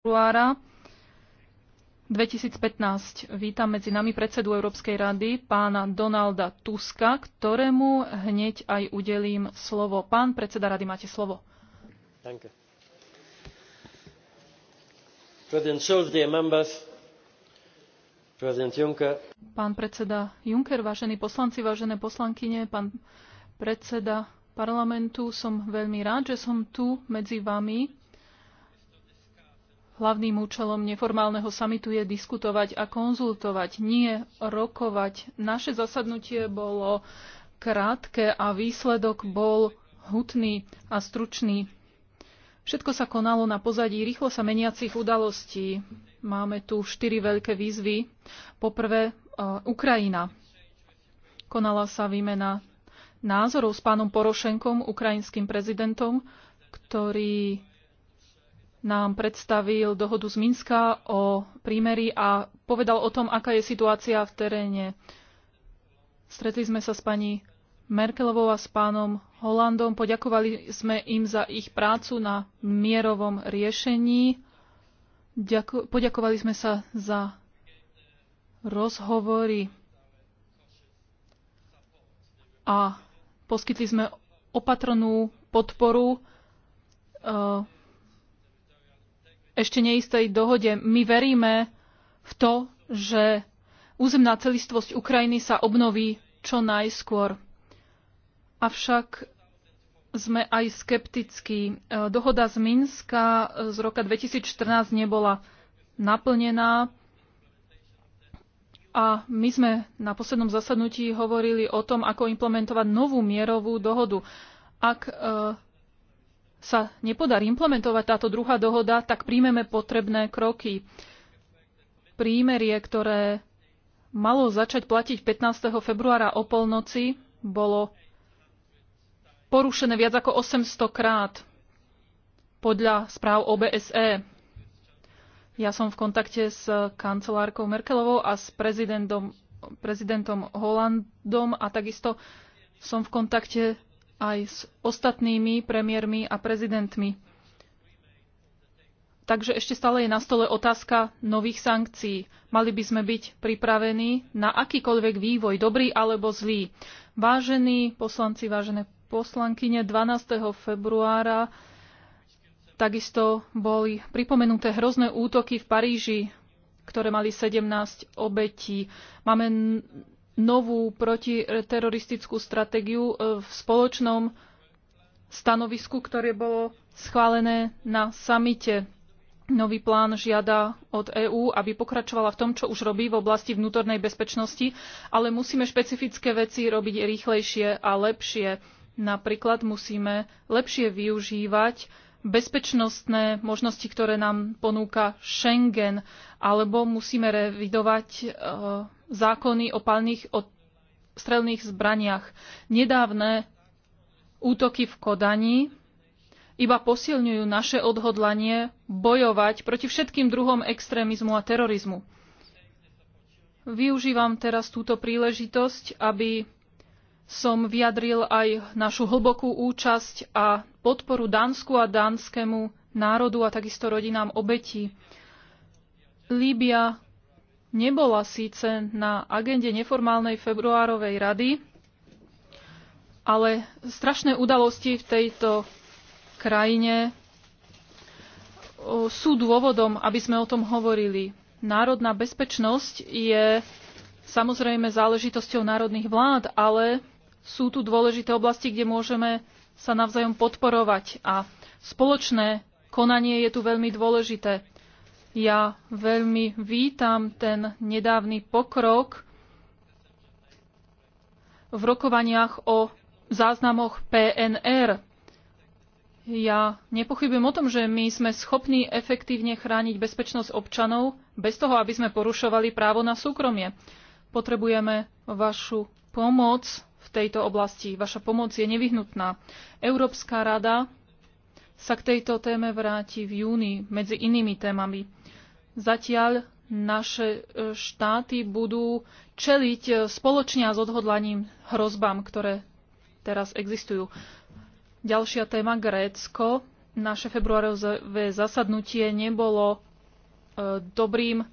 februára 2015. Vítam medzi nami predsedu Európskej rady pána Donalda Tuska, ktorému hneď aj udelím slovo. Pán predseda rady, máte slovo. Pán predseda Juncker, vážení poslanci, vážené poslankyne, pán predseda parlamentu, som veľmi rád, že som tu medzi vami Hlavným účelom neformálneho samitu je diskutovať a konzultovať, nie rokovať. Naše zasadnutie bolo krátke a výsledok bol hutný a stručný. Všetko sa konalo na pozadí rýchlo sa meniacich udalostí. Máme tu štyri veľké výzvy. Poprvé, e, Ukrajina. Konala sa výmena názorov s pánom Porošenkom, ukrajinským prezidentom, ktorý nám predstavil dohodu z Minska o prímeri a povedal o tom, aká je situácia v teréne. Stretli sme sa s pani Merkelovou a s pánom Holandom. Poďakovali sme im za ich prácu na mierovom riešení. Ďaku- poďakovali sme sa za rozhovory a poskytli sme opatrnú podporu uh, ešte neistej dohode. My veríme v to, že územná celistvosť Ukrajiny sa obnoví čo najskôr. Avšak sme aj skeptickí. E, dohoda z Minska e, z roka 2014 nebola naplnená a my sme na poslednom zasadnutí hovorili o tom, ako implementovať novú mierovú dohodu. Ak e, sa nepodarí implementovať táto druhá dohoda, tak príjmeme potrebné kroky. Prímerie, ktoré malo začať platiť 15. februára o polnoci, bolo porušené viac ako 800 krát podľa správ OBSE. Ja som v kontakte s kancelárkou Merkelovou a s prezidentom, prezidentom Holandom a takisto som v kontakte aj s ostatnými premiérmi a prezidentmi. Takže ešte stále je na stole otázka nových sankcií. Mali by sme byť pripravení na akýkoľvek vývoj, dobrý alebo zlý. Vážení poslanci, vážené poslankyne, 12. februára takisto boli pripomenuté hrozné útoky v Paríži, ktoré mali 17 obetí. Máme novú protiteroristickú stratégiu e, v spoločnom stanovisku, ktoré bolo schválené na samite. Nový plán žiada od EÚ, aby pokračovala v tom, čo už robí v oblasti vnútornej bezpečnosti, ale musíme špecifické veci robiť rýchlejšie a lepšie. Napríklad musíme lepšie využívať bezpečnostné možnosti, ktoré nám ponúka Schengen, alebo musíme revidovať e, zákony o palných o strelných zbraniach. Nedávne útoky v Kodani iba posilňujú naše odhodlanie bojovať proti všetkým druhom extrémizmu a terorizmu. Využívam teraz túto príležitosť, aby som vyjadril aj našu hlbokú účasť a podporu Dánsku a dánskému národu a takisto rodinám obetí. Líbia nebola síce na agende neformálnej februárovej rady, ale strašné udalosti v tejto krajine sú dôvodom, aby sme o tom hovorili. Národná bezpečnosť je samozrejme záležitosťou národných vlád, ale sú tu dôležité oblasti, kde môžeme sa navzájom podporovať a spoločné konanie je tu veľmi dôležité. Ja veľmi vítam ten nedávny pokrok v rokovaniach o záznamoch PNR. Ja nepochybujem o tom, že my sme schopní efektívne chrániť bezpečnosť občanov bez toho, aby sme porušovali právo na súkromie. Potrebujeme vašu pomoc v tejto oblasti. Vaša pomoc je nevyhnutná. Európska rada sa k tejto téme vráti v júni medzi inými témami. Zatiaľ naše e, štáty budú čeliť e, spoločne a s odhodlaním hrozbám, ktoré teraz existujú. Ďalšia téma Grécko. Naše februárové zasadnutie nebolo e, dobrým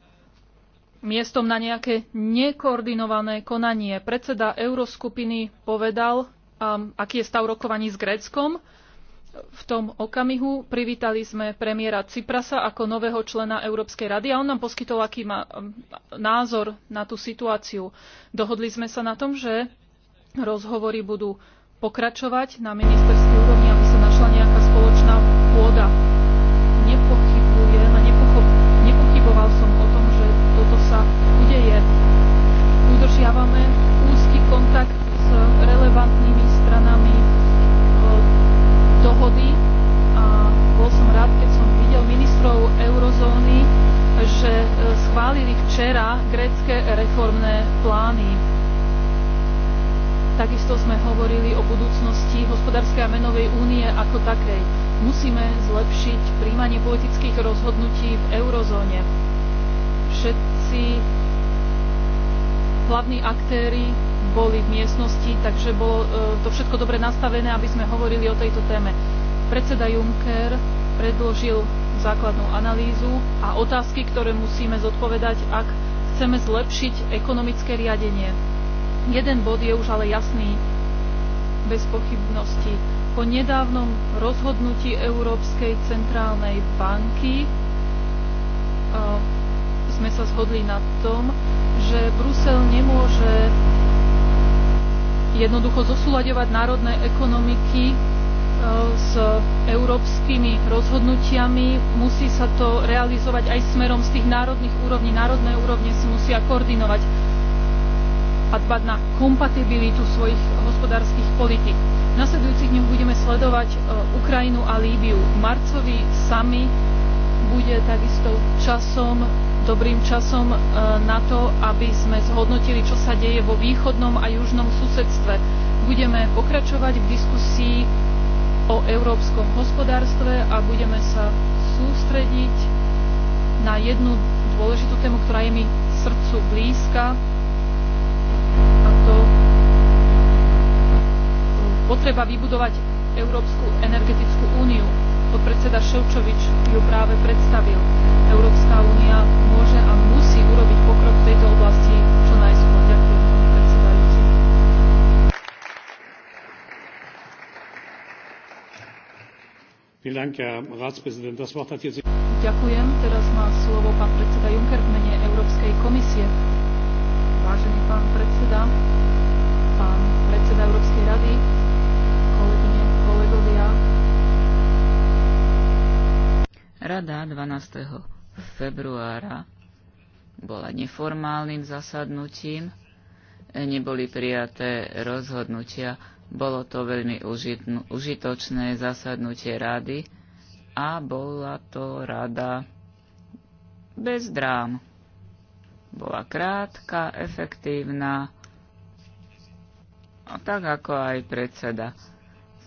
miestom na nejaké nekoordinované konanie. Predseda Euroskupiny povedal, aký je stav rokovaní s Gréckom v tom okamihu. Privítali sme premiéra Ciprasa ako nového člena Európskej rady a on nám poskytol aký má um, názor na tú situáciu. Dohodli sme sa na tom, že rozhovory budú pokračovať na ministerskej úrovni, aby sa našla nejaká spoločná pôda. Nepochybujem a nepochyboval som o tom, že toto sa udeje. Udržiavame úzky kontakt s relevantnými dohody a bol som rád, keď som videl ministrov eurozóny, že e, schválili včera grécké reformné plány. Takisto sme hovorili o budúcnosti hospodárskej a menovej únie ako takej. Musíme zlepšiť príjmanie politických rozhodnutí v eurozóne. Všetci hlavní aktéry boli v miestnosti, takže bolo e, to všetko dobre nastavené, aby sme hovorili o tejto téme. Predseda Juncker predložil základnú analýzu a otázky, ktoré musíme zodpovedať, ak chceme zlepšiť ekonomické riadenie. Jeden bod je už ale jasný, bez pochybnosti. Po nedávnom rozhodnutí Európskej centrálnej banky e, sme sa zhodli na tom, že Brusel nemôže jednoducho zosúľaďovať národné ekonomiky e, s európskymi rozhodnutiami. Musí sa to realizovať aj smerom z tých národných úrovní. Národné úrovne si musia koordinovať a dbať na kompatibilitu svojich hospodárskych politik. V nasledujúcich dňoch budeme sledovať e, Ukrajinu a Líbiu. Marcový summit bude takisto časom dobrým časom e, na to, aby sme zhodnotili, čo sa deje vo východnom a južnom susedstve. Budeme pokračovať v diskusii o európskom hospodárstve a budeme sa sústrediť na jednu dôležitú tému, ktorá je mi srdcu blízka a to potreba vybudovať Európsku energetickú úniu. Podpredseda Ševčovič ju práve predstavil. Európska únia môže a musí urobiť pokrok v tejto oblasti čo najskôr. Ďakujem, pán predsedajúci. Ďakujem. Teraz má slovo pán predseda Juncker v mene Európskej komisie. Vážený pán predseda, pán predseda Európskej rady, kolegyne, kolegovia, Rada 12. februára bola neformálnym zasadnutím, e, neboli prijaté rozhodnutia. Bolo to veľmi užitočné zasadnutie rady a bola to rada bez drám. Bola krátka, efektívna, a tak ako aj predseda.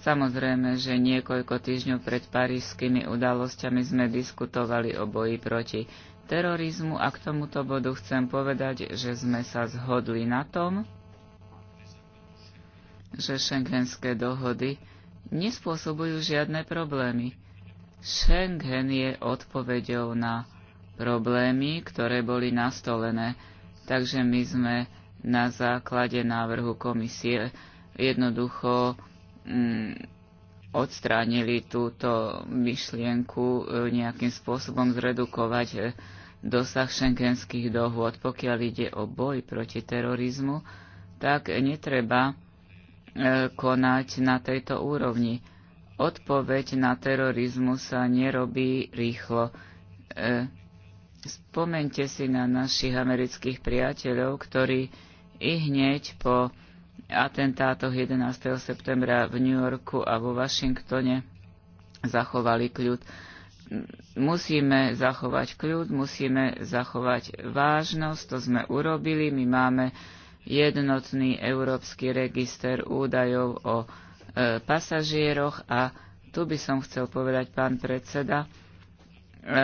Samozrejme, že niekoľko týždňov pred parížskými udalosťami sme diskutovali o boji proti terorizmu a k tomuto bodu chcem povedať, že sme sa zhodli na tom, že šengenské dohody nespôsobujú žiadne problémy. Schengen je odpoveďou na problémy, ktoré boli nastolené, takže my sme na základe návrhu komisie jednoducho mm, odstránili túto myšlienku e, nejakým spôsobom zredukovať e, dosah šengenských dohôd. Pokiaľ ide o boj proti terorizmu, tak netreba e, konať na tejto úrovni. Odpoveď na terorizmu sa nerobí rýchlo. E, spomente si na našich amerických priateľov, ktorí i hneď po atentátoch 11. septembra v New Yorku a vo Washingtone zachovali kľud musíme zachovať kľud, musíme zachovať vážnosť, to sme urobili, my máme jednotný európsky register údajov o e, pasažieroch a tu by som chcel povedať, pán predseda, e, e,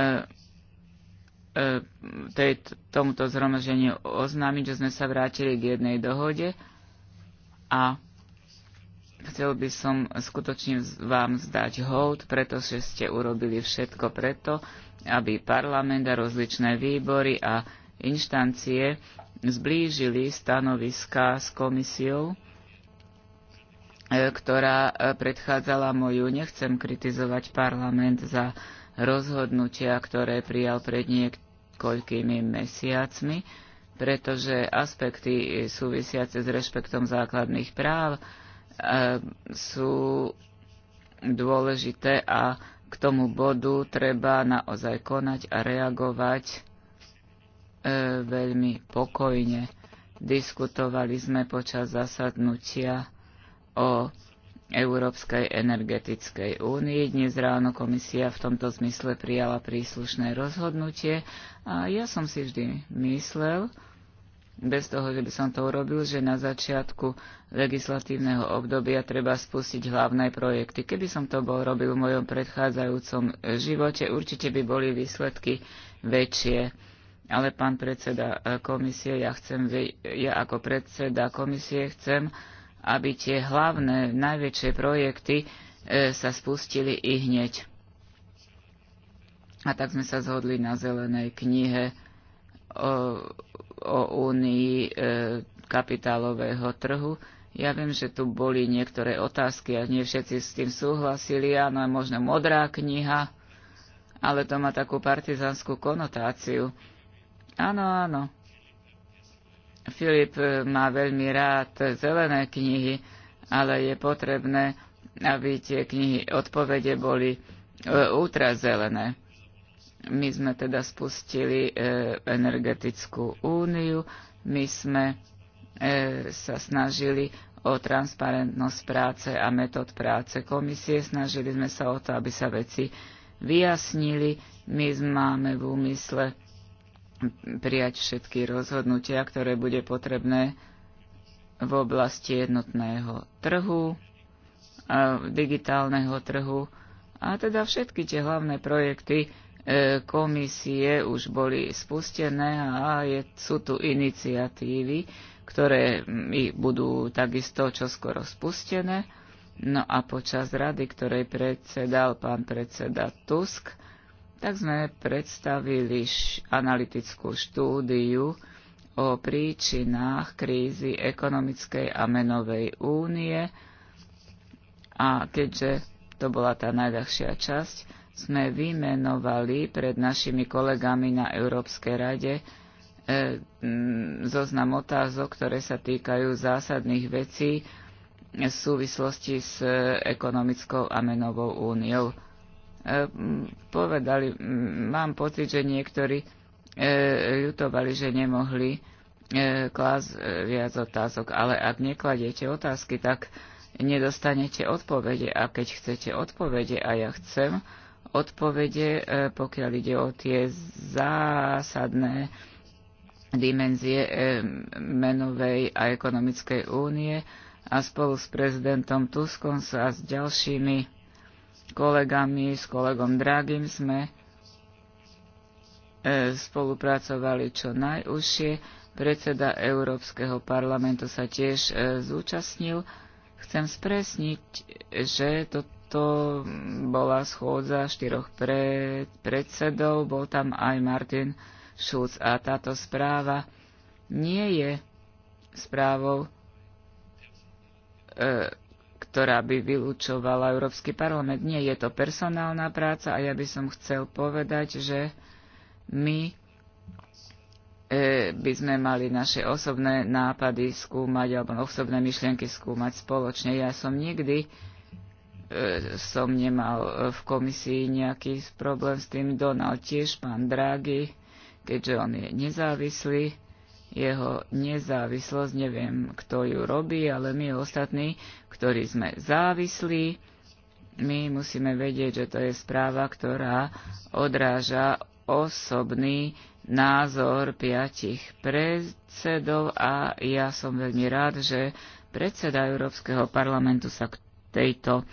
tej, tomuto zhromaženiu oznámiť, že sme sa vrátili k jednej dohode a Chcel by som skutočne vám zdať hold, pretože ste urobili všetko preto, aby parlament a rozličné výbory a inštancie zblížili stanoviska s komisiou, e, ktorá e, predchádzala moju. Nechcem kritizovať parlament za rozhodnutia, ktoré prijal pred niekoľkými mesiacmi, pretože aspekty súvisiace s rešpektom základných práv Ehm, sú dôležité a k tomu bodu treba naozaj konať a reagovať e, veľmi pokojne. Diskutovali sme počas zasadnutia o Európskej energetickej únii. Dnes ráno komisia v tomto zmysle prijala príslušné rozhodnutie a ja som si vždy myslel, bez toho, že by som to urobil, že na začiatku legislatívneho obdobia treba spustiť hlavné projekty. Keby som to bol robil v mojom predchádzajúcom živote, určite by boli výsledky väčšie. Ale pán predseda komisie, ja, chcem, ja ako predseda komisie chcem, aby tie hlavné, najväčšie projekty e, sa spustili i hneď. A tak sme sa zhodli na zelenej knihe o o únii e, kapitálového trhu. Ja viem, že tu boli niektoré otázky a nie všetci s tým súhlasili. Áno, je možno modrá kniha, ale to má takú partizanskú konotáciu. Áno, áno. Filip e, má veľmi rád zelené knihy, ale je potrebné, aby tie knihy odpovede boli e, ultrazelené. My sme teda spustili e, energetickú úniu, my sme e, sa snažili o transparentnosť práce a metód práce komisie, snažili sme sa o to, aby sa veci vyjasnili. My máme v úmysle prijať všetky rozhodnutia, ktoré bude potrebné v oblasti jednotného trhu, e, digitálneho trhu a teda všetky tie hlavné projekty, E, komisie už boli spustené a je, sú tu iniciatívy, ktoré budú takisto čoskoro spustené. No a počas rady, ktorej predsedal pán predseda Tusk, tak sme predstavili analytickú štúdiu o príčinách krízy ekonomickej a menovej únie. A keďže to bola tá najľahšia časť, sme vymenovali pred našimi kolegami na Európskej rade e, mm, zoznam otázok, ktoré sa týkajú zásadných vecí v súvislosti s e, ekonomickou a menovou úniou. E, mm, povedali, mám pocit, že niektorí ľutovali, že nemohli klásť viac otázok, ale ak nekladiete otázky, tak nedostanete odpovede a keď chcete odpovede a ja chcem, odpovede, e, pokiaľ ide o tie zásadné dimenzie e, menovej a ekonomickej únie a spolu s prezidentom Tuskom sa s ďalšími kolegami, s kolegom Dragim sme e, spolupracovali čo najúžšie. Predseda Európskeho parlamentu sa tiež zúčastnil. Chcem spresniť, že to, to bola schôdza štyroch pred, predsedov, bol tam aj Martin Schulz a táto správa nie je správou, e, ktorá by vylúčovala Európsky parlament. Nie je to personálna práca a ja by som chcel povedať, že my e, by sme mali naše osobné nápady skúmať alebo osobné myšlienky skúmať spoločne. Ja som nikdy E, som nemal v komisii nejaký problém s tým. Donald tiež, pán Draghi, keďže on je nezávislý, jeho nezávislosť, neviem, kto ju robí, ale my ostatní, ktorí sme závislí, my musíme vedieť, že to je správa, ktorá odráža osobný názor piatich predsedov a ja som veľmi rád, že predseda Európskeho parlamentu sa k tejto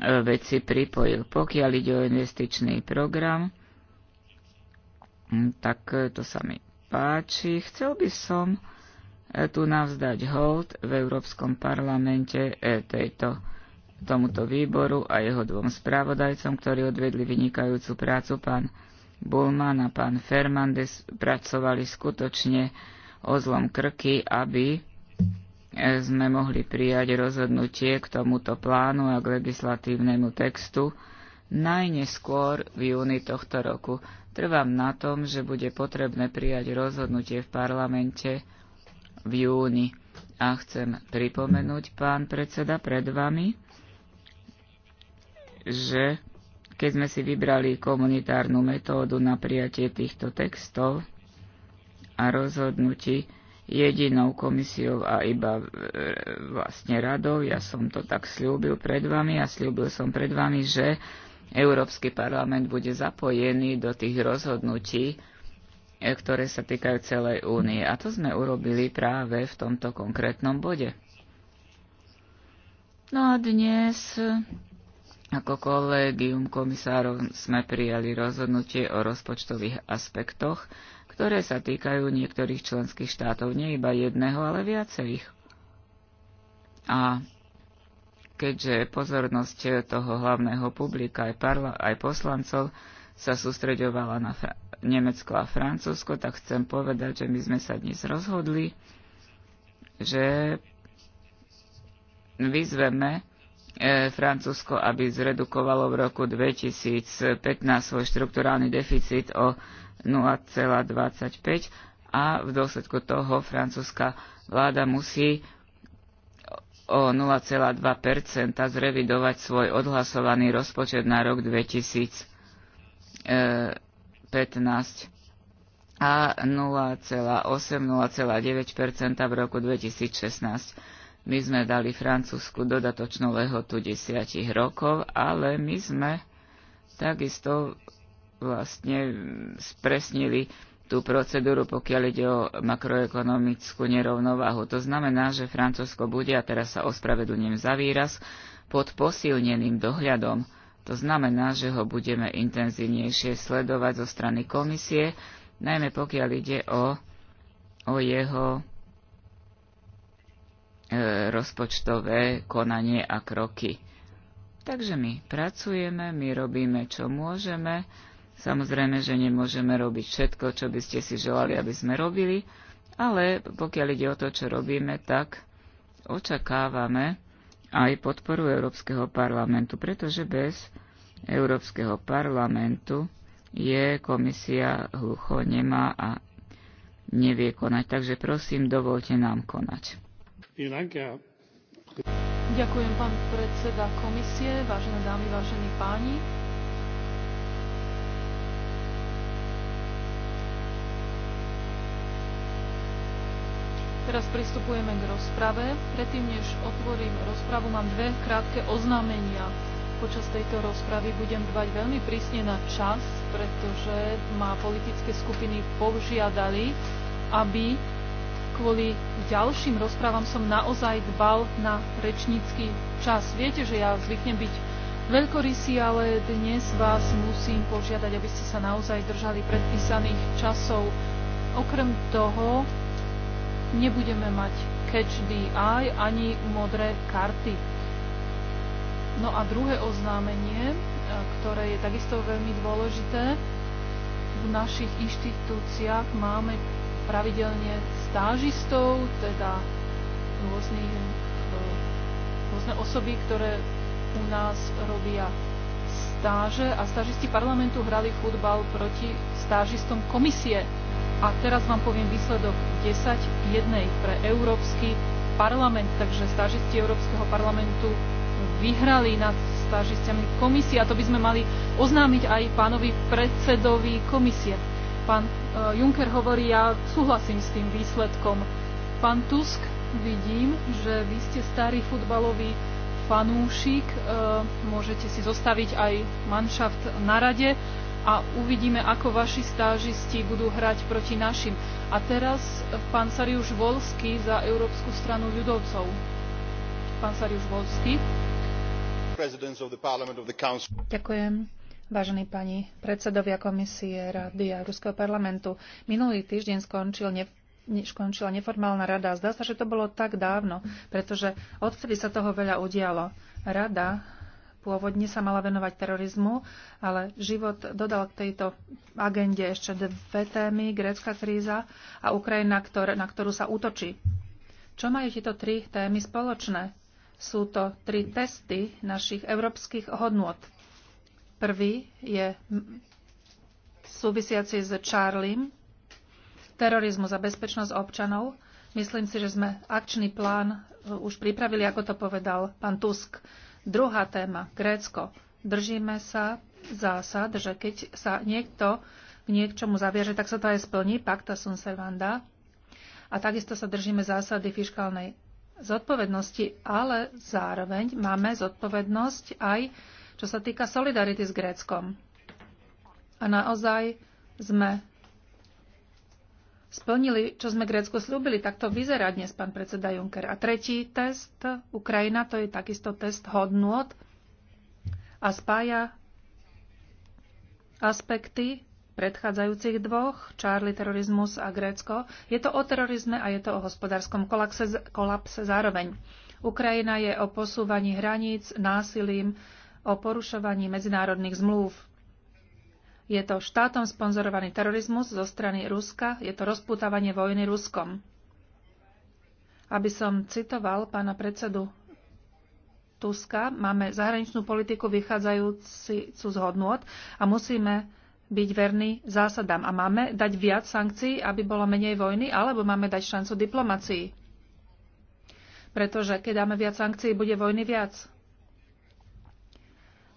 veci pripojil. Pokiaľ ide o investičný program, mm, tak e, to sa mi páči. Chcel by som e, tu navzdať hold v Európskom parlamente e, tejto, tomuto výboru a jeho dvom správodajcom, ktorí odvedli vynikajúcu prácu. Pán Bulman a pán Fernandez, pracovali skutočne o zlom krky, aby sme mohli prijať rozhodnutie k tomuto plánu a k legislatívnemu textu najneskôr v júni tohto roku. Trvám na tom, že bude potrebné prijať rozhodnutie v parlamente v júni. A chcem pripomenúť, pán predseda, pred vami, že keď sme si vybrali komunitárnu metódu na prijatie týchto textov a rozhodnutí, jedinou komisiou a iba e, vlastne radou. Ja som to tak slúbil pred vami a slúbil som pred vami, že Európsky parlament bude zapojený do tých rozhodnutí, e, ktoré sa týkajú celej únie. A to sme urobili práve v tomto konkrétnom bode. No a dnes ako kolegium komisárov sme prijali rozhodnutie o rozpočtových aspektoch ktoré sa týkajú niektorých členských štátov, nie iba jedného, ale viacerých. A keďže pozornosť toho hlavného publika aj, parla- aj poslancov sa sústreďovala na Fra- Nemecko a Francúzsko, tak chcem povedať, že my sme sa dnes rozhodli, že vyzveme E, Francúzsko, aby zredukovalo v roku 2015 svoj štrukturálny deficit o 0,25 a v dôsledku toho francúzska vláda musí o 0,2 zrevidovať svoj odhlasovaný rozpočet na rok 2015 a 0,8-0,9 v roku 2016. My sme dali Francúzsku dodatočnú lehotu desiatich rokov, ale my sme takisto vlastne spresnili tú procedúru, pokiaľ ide o makroekonomickú nerovnováhu. To znamená, že Francúzsko bude, a teraz sa ospravedlňujem za výraz, pod posilneným dohľadom. To znamená, že ho budeme intenzívnejšie sledovať zo strany komisie, najmä pokiaľ ide o, o jeho E, rozpočtové konanie a kroky. Takže my pracujeme, my robíme, čo môžeme. Samozrejme, že nemôžeme robiť všetko, čo by ste si želali, aby sme robili, ale pokiaľ ide o to, čo robíme, tak očakávame aj podporu Európskeho parlamentu, pretože bez Európskeho parlamentu je komisia hlucho nemá a nevie konať. Takže prosím, dovolte nám konať. Ďakujem, pán predseda komisie, vážené dámy, vážení páni. Teraz pristupujeme k rozprave. Predtým, než otvorím rozpravu, mám dve krátke oznámenia. Počas tejto rozpravy budem dbať veľmi prísne na čas, pretože ma politické skupiny požiadali, aby kvôli ďalším rozprávam som naozaj dbal na rečnícky čas. Viete, že ja zvyknem byť veľkorysý, ale dnes vás musím požiadať, aby ste sa naozaj držali predpísaných časov. Okrem toho nebudeme mať catch the eye ani modré karty. No a druhé oznámenie, e, ktoré je takisto veľmi dôležité, v našich inštitúciách máme pravidelne stážistov, teda rôznych, e, rôzne osoby, ktoré u nás robia stáže a stážisti parlamentu hrali futbal proti stážistom komisie. A teraz vám poviem výsledok 10 jednej pre Európsky parlament, takže stážisti Európskeho parlamentu vyhrali nad stážistiami komisie a to by sme mali oznámiť aj pánovi predsedovi komisie. Pán e, Juncker hovorí, ja súhlasím s tým výsledkom. Pán Tusk, vidím, že vy ste starý futbalový fanúšik, e, môžete si zostaviť aj manšaft na rade a uvidíme, ako vaši stážisti budú hrať proti našim. A teraz pán Sariuš Volsky za Európsku stranu ľudovcov. Pán Sariuš Volsky. Ďakujem Vážení pani predsedovia komisie Rady a Ruského parlamentu, minulý týždeň skončil ne, skončila neformálna rada. Zdá sa, že to bolo tak dávno, pretože odvtedy sa toho veľa udialo. Rada pôvodne sa mala venovať terorizmu, ale život dodal k tejto agende ešte dve témy, grécka kríza a Ukrajina, ktor- na ktorú sa útočí. Čo majú tieto tri témy spoločné? Sú to tri testy našich európskych hodnôt. Prvý je súvisiaci s Charlie, terorizmus a bezpečnosť občanov. Myslím si, že sme akčný plán e, už pripravili, ako to povedal pán Tusk. Druhá téma, Grécko. Držíme sa zásad, že keď sa niekto k niečomu zaviaže, tak sa to aj splní, pacta sunt servanda. A takisto sa držíme zásady fiskálnej zodpovednosti, ale zároveň máme zodpovednosť aj čo sa týka solidarity s Gréckom. A naozaj sme splnili, čo sme Grécku slúbili. Tak to vyzerá dnes, pán predseda Juncker. A tretí test, Ukrajina, to je takisto test hodnôt a spája aspekty predchádzajúcich dvoch, Charlie terorizmus a Grécko. Je to o terorizme a je to o hospodárskom kolapse, kolapse zároveň. Ukrajina je o posúvaní hraníc, násilím, o porušovaní medzinárodných zmluv. Je to štátom sponzorovaný terorizmus zo strany Ruska, je to rozputávanie vojny Ruskom. Aby som citoval pána predsedu Tuska, máme zahraničnú politiku vychádzajúcu z hodnot a musíme byť verní zásadám. A máme dať viac sankcií, aby bolo menej vojny, alebo máme dať šancu diplomácii? Pretože keď dáme viac sankcií, bude vojny viac.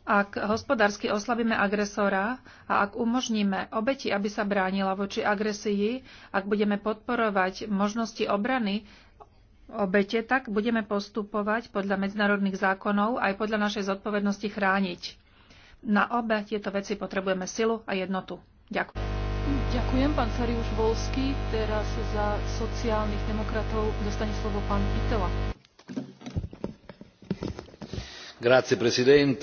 Ak hospodársky oslabíme agresora a ak umožníme obeti, aby sa bránila voči agresii, ak budeme podporovať možnosti obrany obete, tak budeme postupovať podľa medzinárodných zákonov aj podľa našej zodpovednosti chrániť. Na obe tieto veci potrebujeme silu a jednotu. Ďakujem. Ďakujem, pán Sariuš Volský. Teraz za sociálnych demokratov dostane slovo pán Pitela. Ďakujem,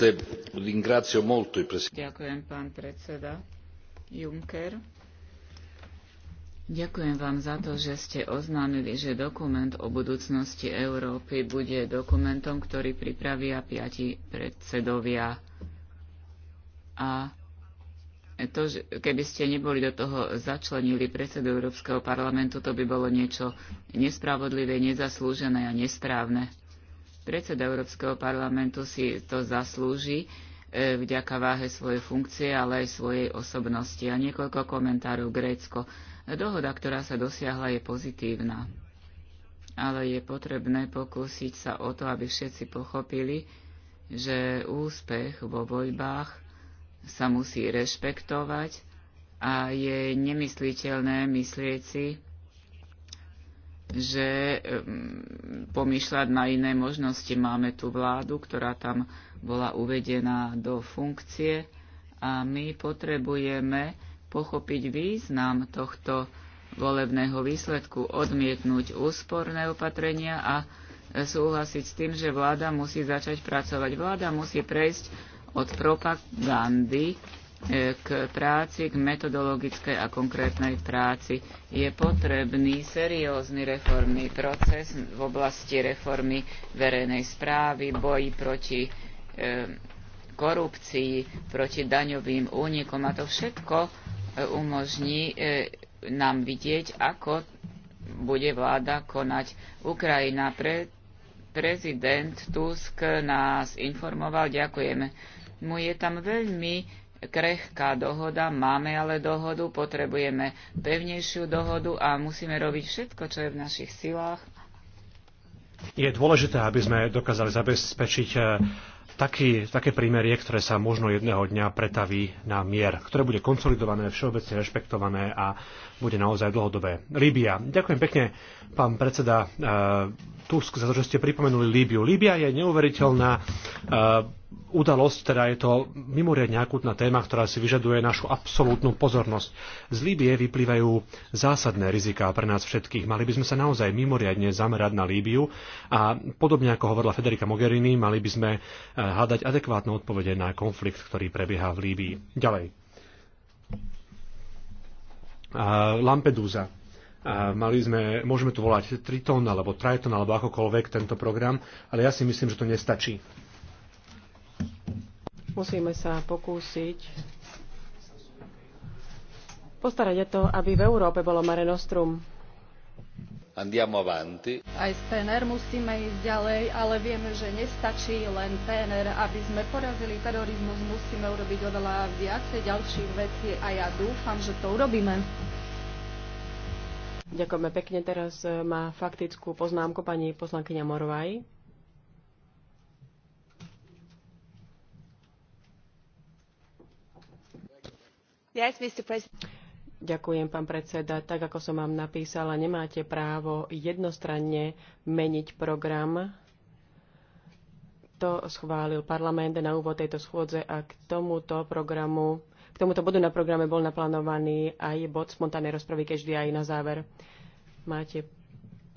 pán predseda Juncker. Ďakujem vám za to, že ste oznámili, že dokument o budúcnosti Európy bude dokumentom, ktorý pripravia piati predsedovia. A to, keby ste neboli do toho začlenili predsedu Európskeho parlamentu, to by bolo niečo nespravodlivé, nezaslúžené a nestrávne. Predseda Európskeho parlamentu si to zaslúži e, vďaka váhe svojej funkcie, ale aj svojej osobnosti. A niekoľko komentárov Grécko. Dohoda, ktorá sa dosiahla, je pozitívna. Ale je potrebné pokúsiť sa o to, aby všetci pochopili, že úspech vo voľbách sa musí rešpektovať a je nemysliteľné myslieť si, že pomýšľať na iné možnosti. Máme tú vládu, ktorá tam bola uvedená do funkcie a my potrebujeme pochopiť význam tohto volebného výsledku, odmietnúť úsporné opatrenia a e, súhlasiť s tým, že vláda musí začať pracovať. Vláda musí prejsť od propagandy k práci, k metodologickej a konkrétnej práci. Je potrebný seriózny reformný proces v oblasti reformy verejnej správy, boji proti eh, korupcii, proti daňovým únikom a to všetko eh, umožní eh, nám vidieť, ako bude vláda konať. Ukrajina pre, prezident Tusk nás informoval, ďakujeme. Mu je tam veľmi krehká dohoda, máme ale dohodu, potrebujeme pevnejšiu dohodu a musíme robiť všetko, čo je v našich silách. Je dôležité, aby sme dokázali zabezpečiť e, taký, také prímerie, ktoré sa možno jedného dňa pretaví na mier, ktoré bude konsolidované, všeobecne rešpektované a bude naozaj dlhodobé. Líbia. Ďakujem pekne, pán predseda uh, Tusk, za to, že ste pripomenuli Líbiu. Líbia je neuveriteľná uh, udalosť, teda je to mimoriadne akutná téma, ktorá si vyžaduje našu absolútnu pozornosť. Z Líbie vyplývajú zásadné riziká pre nás všetkých. Mali by sme sa naozaj mimoriadne zamerať na Líbiu a podobne ako hovorila Federica Mogherini, mali by sme eh, hľadať adekvátne odpovede na konflikt, ktorý prebieha v Líbii. Ďalej. Lampedusa. Mali sme, môžeme tu volať Triton alebo Triton alebo akokoľvek tento program, ale ja si myslím, že to nestačí Musíme sa pokúsiť postarať o to, aby v Európe bolo Mare Nostrum. Andiamo avanti. Aj z PNR musíme ísť ďalej, ale vieme, že nestačí len PNR. Aby sme porazili terorizmus, musíme urobiť oveľa viacej ďalších vecí a ja dúfam, že to urobíme. Ďakujeme pekne. Teraz eh, má faktickú poznámku pani poslankyňa Morvaj. Ďakujem, pán predseda. Tak, ako som vám napísala, nemáte právo jednostranne meniť program. To schválil parlament na úvod tejto schôdze a k tomuto programu k tomuto bodu na programe bol naplánovaný aj bod spontánnej rozpravy, vždy aj na záver. Máte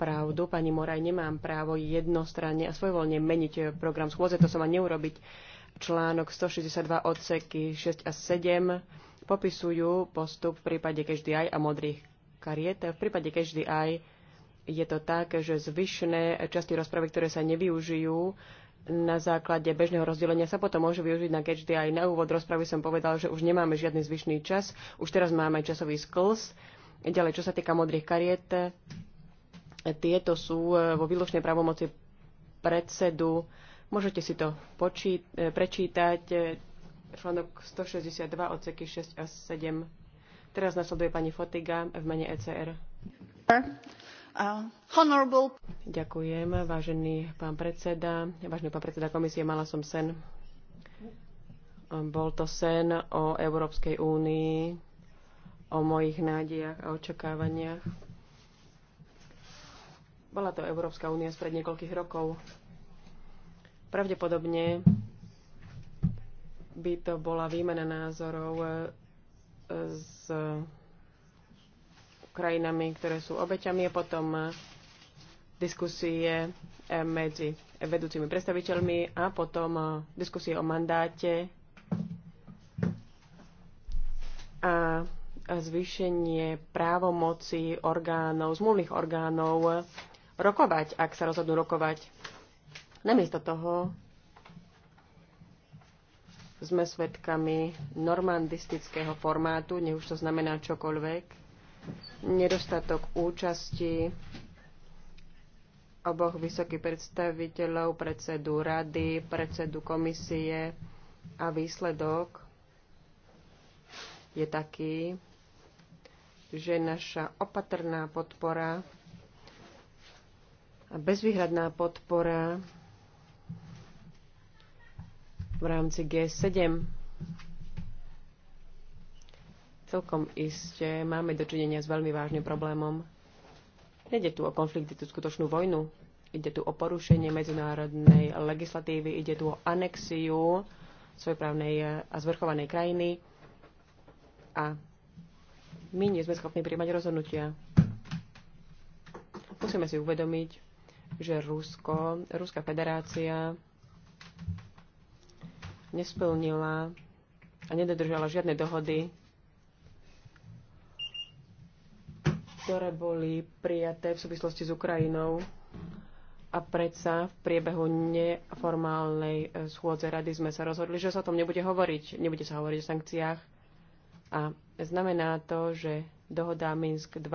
pravdu, pani Moraj, nemám právo jednostranne a svojvoľne meniť program schôdze, to som ma neurobiť. Článok 162 odseky 6 a 7 popisujú postup v prípade aj a modrých kariet. V prípade aj je to tak, že zvyšné časti rozpravy, ktoré sa nevyužijú na základe bežného rozdelenia, sa potom môžu využiť na aj. Na úvod rozpravy som povedal, že už nemáme žiadny zvyšný čas, už teraz máme časový skls. Ďalej, čo sa týka modrých kariet, tieto sú e, vo výlučnej pravomoci predsedu. Môžete si to počít, e, prečítať, článok 162 odseky 6 a 7. Teraz nasleduje pani Fotiga v mene ECR. Uh, honorable... Ďakujem, vážený pán predseda. Vážený pán predseda komisie, mala som sen. Bol to sen o Európskej únii, o mojich nádiach a očakávaniach. Bola to Európska únia spred niekoľkých rokov. Pravdepodobne by to bola výmena názorov e, s krajinami, ktoré sú obeťami a potom e, diskusie e, medzi vedúcimi predstaviteľmi a potom diskusie o mandáte a zvýšenie právomoci orgánov, zmluvných orgánov rokovať, ak sa rozhodnú rokovať. Namiesto toho sme svedkami normandistického formátu, nech už to znamená čokoľvek, nedostatok účasti oboch vysokých predstaviteľov, predsedu rady, predsedu komisie a výsledok je taký, že naša opatrná podpora a bezvýhradná podpora v rámci G7. Celkom iste máme dočinenia s veľmi vážnym problémom. Nede tu o konflikt, tu skutočnú vojnu. Ide tu o porušenie medzinárodnej legislatívy, ide tu o anexiu svojprávnej eh, a zvrchovanej krajiny a my nie sme schopní príjmať rozhodnutia. Musíme si uvedomiť, že Rusko, Ruská federácia nesplnila a nedodržala žiadne dohody, ktoré boli prijaté v súvislosti s Ukrajinou a predsa v priebehu neformálnej e, schôdze rady sme sa rozhodli, že sa o tom nebude hovoriť. Nebude sa hovoriť o sankciách. A znamená to, že dohoda Minsk 2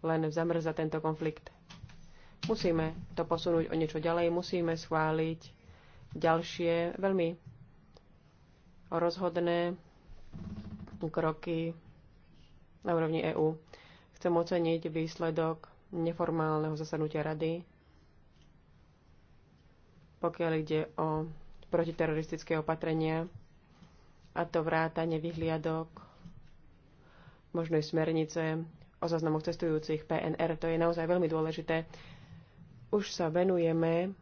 len zamrza tento konflikt. Musíme to posunúť o niečo ďalej, musíme schváliť ďalšie veľmi rozhodné kroky na úrovni EÚ. Chcem oceniť výsledok neformálneho zasadnutia rady, pokiaľ ide o protiteroristické opatrenia, a to vrátanie vyhliadok možnej smernice o zaznamoch cestujúcich PNR. To je naozaj veľmi dôležité. Už sa venujeme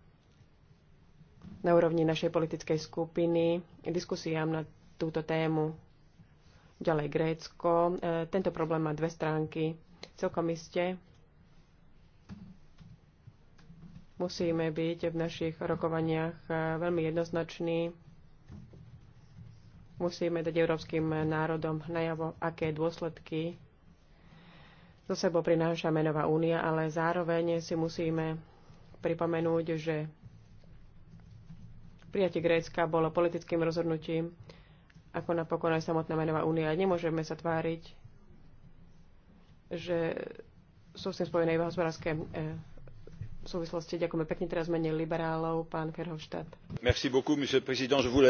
na úrovni našej politickej skupiny diskusiám na túto tému. Ďalej Grécko. E, tento problém má dve stránky. Celkom iste musíme byť v našich rokovaniach e, veľmi jednoznační. Musíme dať európskym národom najavo, aké dôsledky zo sebou prináša menová únia, ale zároveň si musíme pripomenúť, že Prijatie Grécka bolo politickým rozhodnutím, ako napokon aj samotná menová únia. Nemôžeme sa tváriť, že sú s tým spojené iba hospodárske v eh, súvislosti. Ďakujeme pekne. Teraz menej liberálov, pán Ferhovštát. Merci beaucoup, monsieur le président. Je vous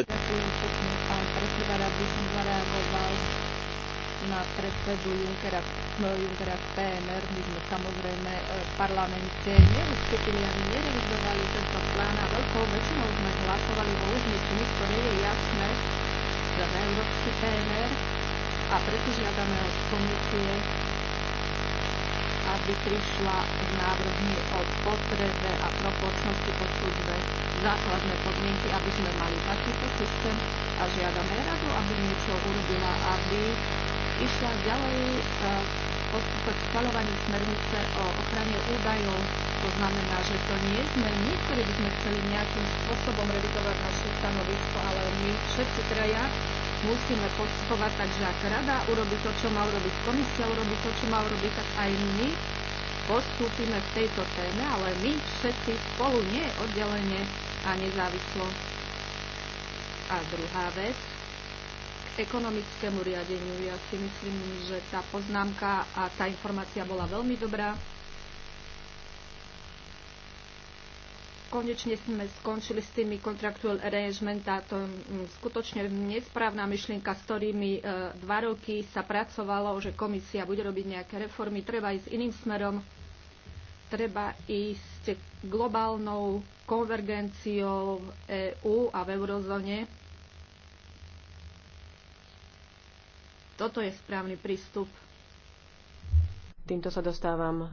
na predsedu Junckera, Junckera PNR. My sme samozrejme e, v parlamente neustupili ani nerevidovali tento plán a veľkou väčšinou sme hlasovali vo uznesení, ktoré je jasné, že na európsky PNR a preto žiadame od komisie, aby prišla s návrhmi o potrebe a proporčnosti posúdbe základné podmienky, aby sme mali takýto systém a žiadame radu, aby niečo urobila, aby išla ďalej e, postupovať schvaľovaní smernice o ochrane údajov. To znamená, že to nie sme my, ktorí by sme chceli nejakým spôsobom revidovať naše stanovisko, ale my všetci traja musíme postupovať, takže ak rada urobí to, čo má urobiť, komisia urobí to, čo má urobiť, tak aj my postúpime v tejto téme, ale my všetci spolu nie oddelenie a nezávislo. A druhá vec, ekonomickému riadeniu. Ja si myslím, že tá poznámka a tá informácia bola veľmi dobrá. konečne sme skončili s tými contractual arrangement a to mm, skutočne nesprávna myšlienka, s ktorými e, dva roky sa pracovalo, že komisia bude robiť nejaké reformy. Treba ísť iným smerom, treba ísť globálnou konvergenciou v EÚ a v eurozóne Toto je správny prístup. Týmto sa dostávam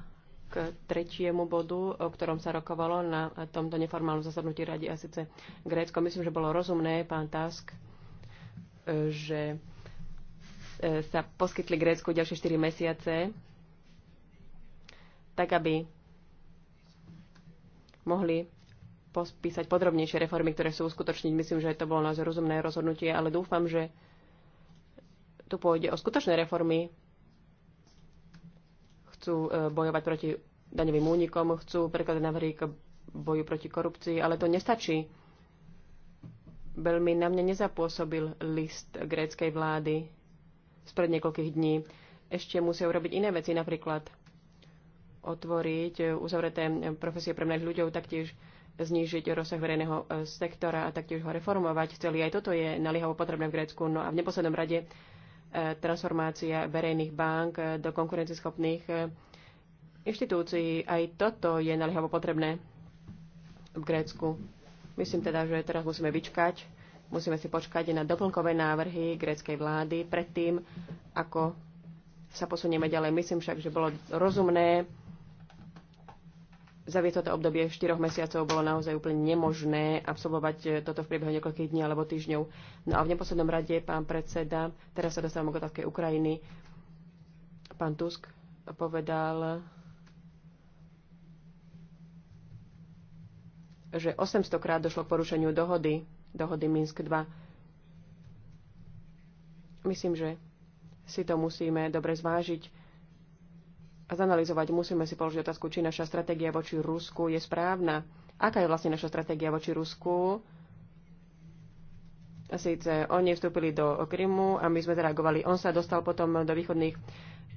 k tretiemu bodu, o ktorom sa rokovalo na tomto neformálnom zasadnutí rady a síce Grécko. Myslím, že bolo rozumné, pán Tusk, že e, sa poskytli Grécku ďalšie 4 mesiace, tak aby mohli pospísať podrobnejšie reformy, ktoré sú uskutočniť. Myslím, že to bolo naozaj rozumné rozhodnutie, ale dúfam, že tu pôjde o skutočné reformy. Chcú e, bojovať proti daňovým únikom, chcú prekladať návrhy k boju proti korupcii, ale to nestačí. Veľmi na mňa nezapôsobil list gréckej vlády spred niekoľkých dní. Ešte musia urobiť iné veci, napríklad otvoriť e, uzavreté profesie pre mňa ľuďov, taktiež znížiť rozsah verejného e, sektora a taktiež ho reformovať celý. Aj toto je naliehavo potrebné v Grécku. No a v neposlednom rade E, transformácia verejných bank do konkurenceschopných e, inštitúcií. Aj toto je naliehavo potrebné v Grécku. Myslím teda, že teraz musíme vyčkať, musíme si počkať na doplnkové návrhy gréckej vlády predtým, ako sa posunieme ďalej. Myslím však, že bolo rozumné za toto obdobie 4 mesiacov bolo naozaj úplne nemožné absolvovať toto v priebehu niekoľkých dní alebo týždňov. No a v neposlednom rade, pán predseda, teraz sa dostávam k otázke Ukrajiny. Pán Tusk povedal, že 800 krát došlo k porušeniu dohody, dohody Minsk 2. Myslím, že si to musíme dobre zvážiť a zanalizovať. Musíme si položiť otázku, či naša stratégia voči Rusku je správna. Aká je vlastne naša stratégia voči Rusku? A síce oni vstúpili do Krymu a my sme reagovali. On sa dostal potom do východných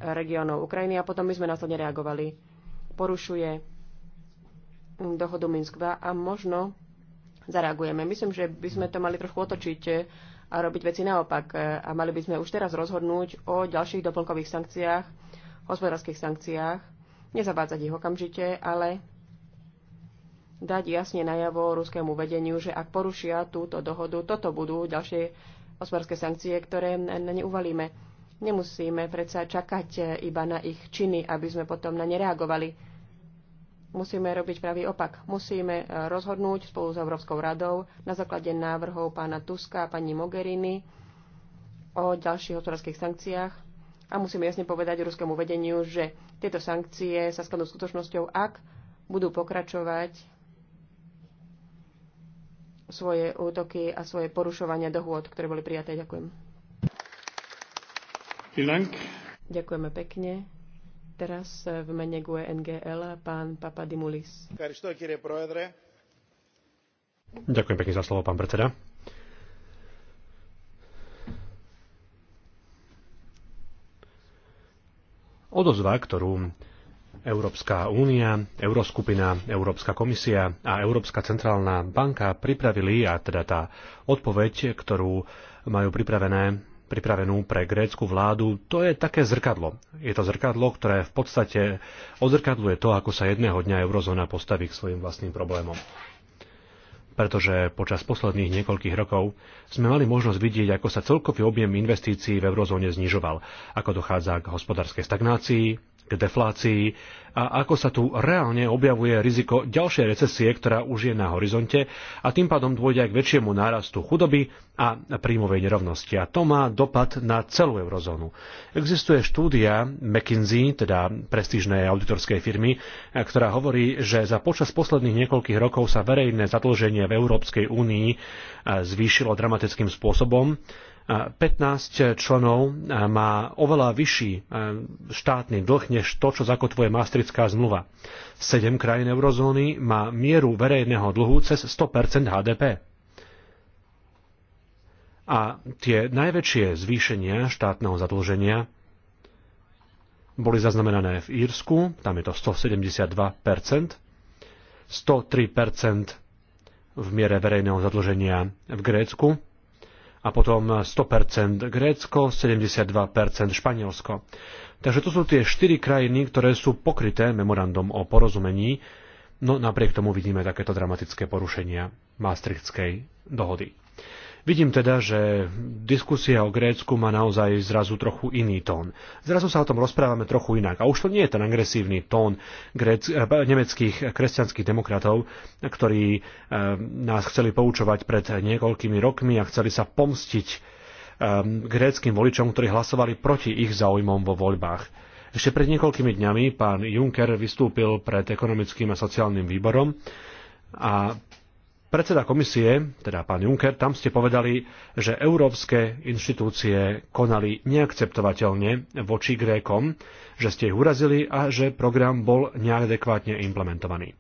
regiónov Ukrajiny a potom my sme následne reagovali. Porušuje dohodu Minsk 2 a možno zareagujeme. Myslím, že by sme to mali trochu otočiť a robiť veci naopak. A mali by sme už teraz rozhodnúť o ďalších doplnkových sankciách, hospodárskych sankciách, nezavádzať ich okamžite, ale dať jasne najavo ruskému vedeniu, že ak porušia túto dohodu, toto budú ďalšie hospodárske sankcie, ktoré na ne uvalíme. Nemusíme predsa čakať iba na ich činy, aby sme potom na ne reagovali. Musíme robiť pravý opak. Musíme e, rozhodnúť spolu s Európskou radou na základe návrhov pána Tuska a pani Mogherini o ďalších hospodárskych sankciách a musíme jasne povedať ruskému vedeniu, že tieto sankcie sa skladnú skutočnosťou, ak budú pokračovať svoje útoky a svoje porušovania dohôd, ktoré boli prijaté. Ďakujem. Ďakujeme pekne. Teraz v mene GUE NGL pán Papadimulis. Ďakujem pekne za slovo, pán predseda. odozva, ktorú Európska únia, Euroskupina, Európska komisia a Európska centrálna banka pripravili, a teda tá odpoveď, ktorú majú pripravené pripravenú pre grécku vládu, to je také zrkadlo. Je to zrkadlo, ktoré v podstate odzrkadluje to, ako sa jedného dňa eurozóna postaví k svojim vlastným problémom pretože počas posledných niekoľkých rokov sme mali možnosť vidieť, ako sa celkový objem investícií v eurozóne znižoval, ako dochádza k hospodárskej stagnácii, k deflácii a ako sa tu reálne objavuje riziko ďalšej recesie, ktorá už je na horizonte a tým pádom dôjde aj k väčšiemu nárastu chudoby a príjmovej nerovnosti. A to má dopad na celú eurozónu. Existuje štúdia McKinsey, teda prestížnej auditorskej firmy, ktorá hovorí, že za počas posledných niekoľkých rokov sa verejné zadlženie v Európskej únii eh, zvýšilo dramatickým spôsobom 15 eh, členov eh, má oveľa vyšší eh, štátny dlh než to, čo zakotvuje Maastrichtská zmluva. 7 krajín eurozóny má mieru verejného dlhu cez 100 HDP. A tie najväčšie zvýšenia štátneho zadlženia boli zaznamenané v Írsku, tam je to 172 103 v miere verejného zadlženia v Grécku, a potom 100% Grécko, 72% Španielsko. Takže to sú tie štyri krajiny, ktoré sú pokryté memorandum o porozumení, no napriek tomu vidíme takéto dramatické porušenia Maastrichtskej dohody. Vidím teda, že diskusia o Grécku má naozaj zrazu trochu iný tón. Zrazu sa o tom rozprávame trochu inak. A už to nie je ten agresívny tón grec, eh, nemeckých kresťanských demokratov, ktorí eh, nás chceli poučovať pred niekoľkými rokmi a chceli sa pomstiť eh, gréckým voličom, ktorí hlasovali proti ich záujmom vo voľbách. Ešte pred niekoľkými dňami pán Juncker vystúpil pred ekonomickým a sociálnym výborom a Predseda komisie, teda pán Juncker, tam ste povedali, že európske inštitúcie konali neakceptovateľne voči Grékom, že ste ich urazili a že program bol neadekvátne implementovaný.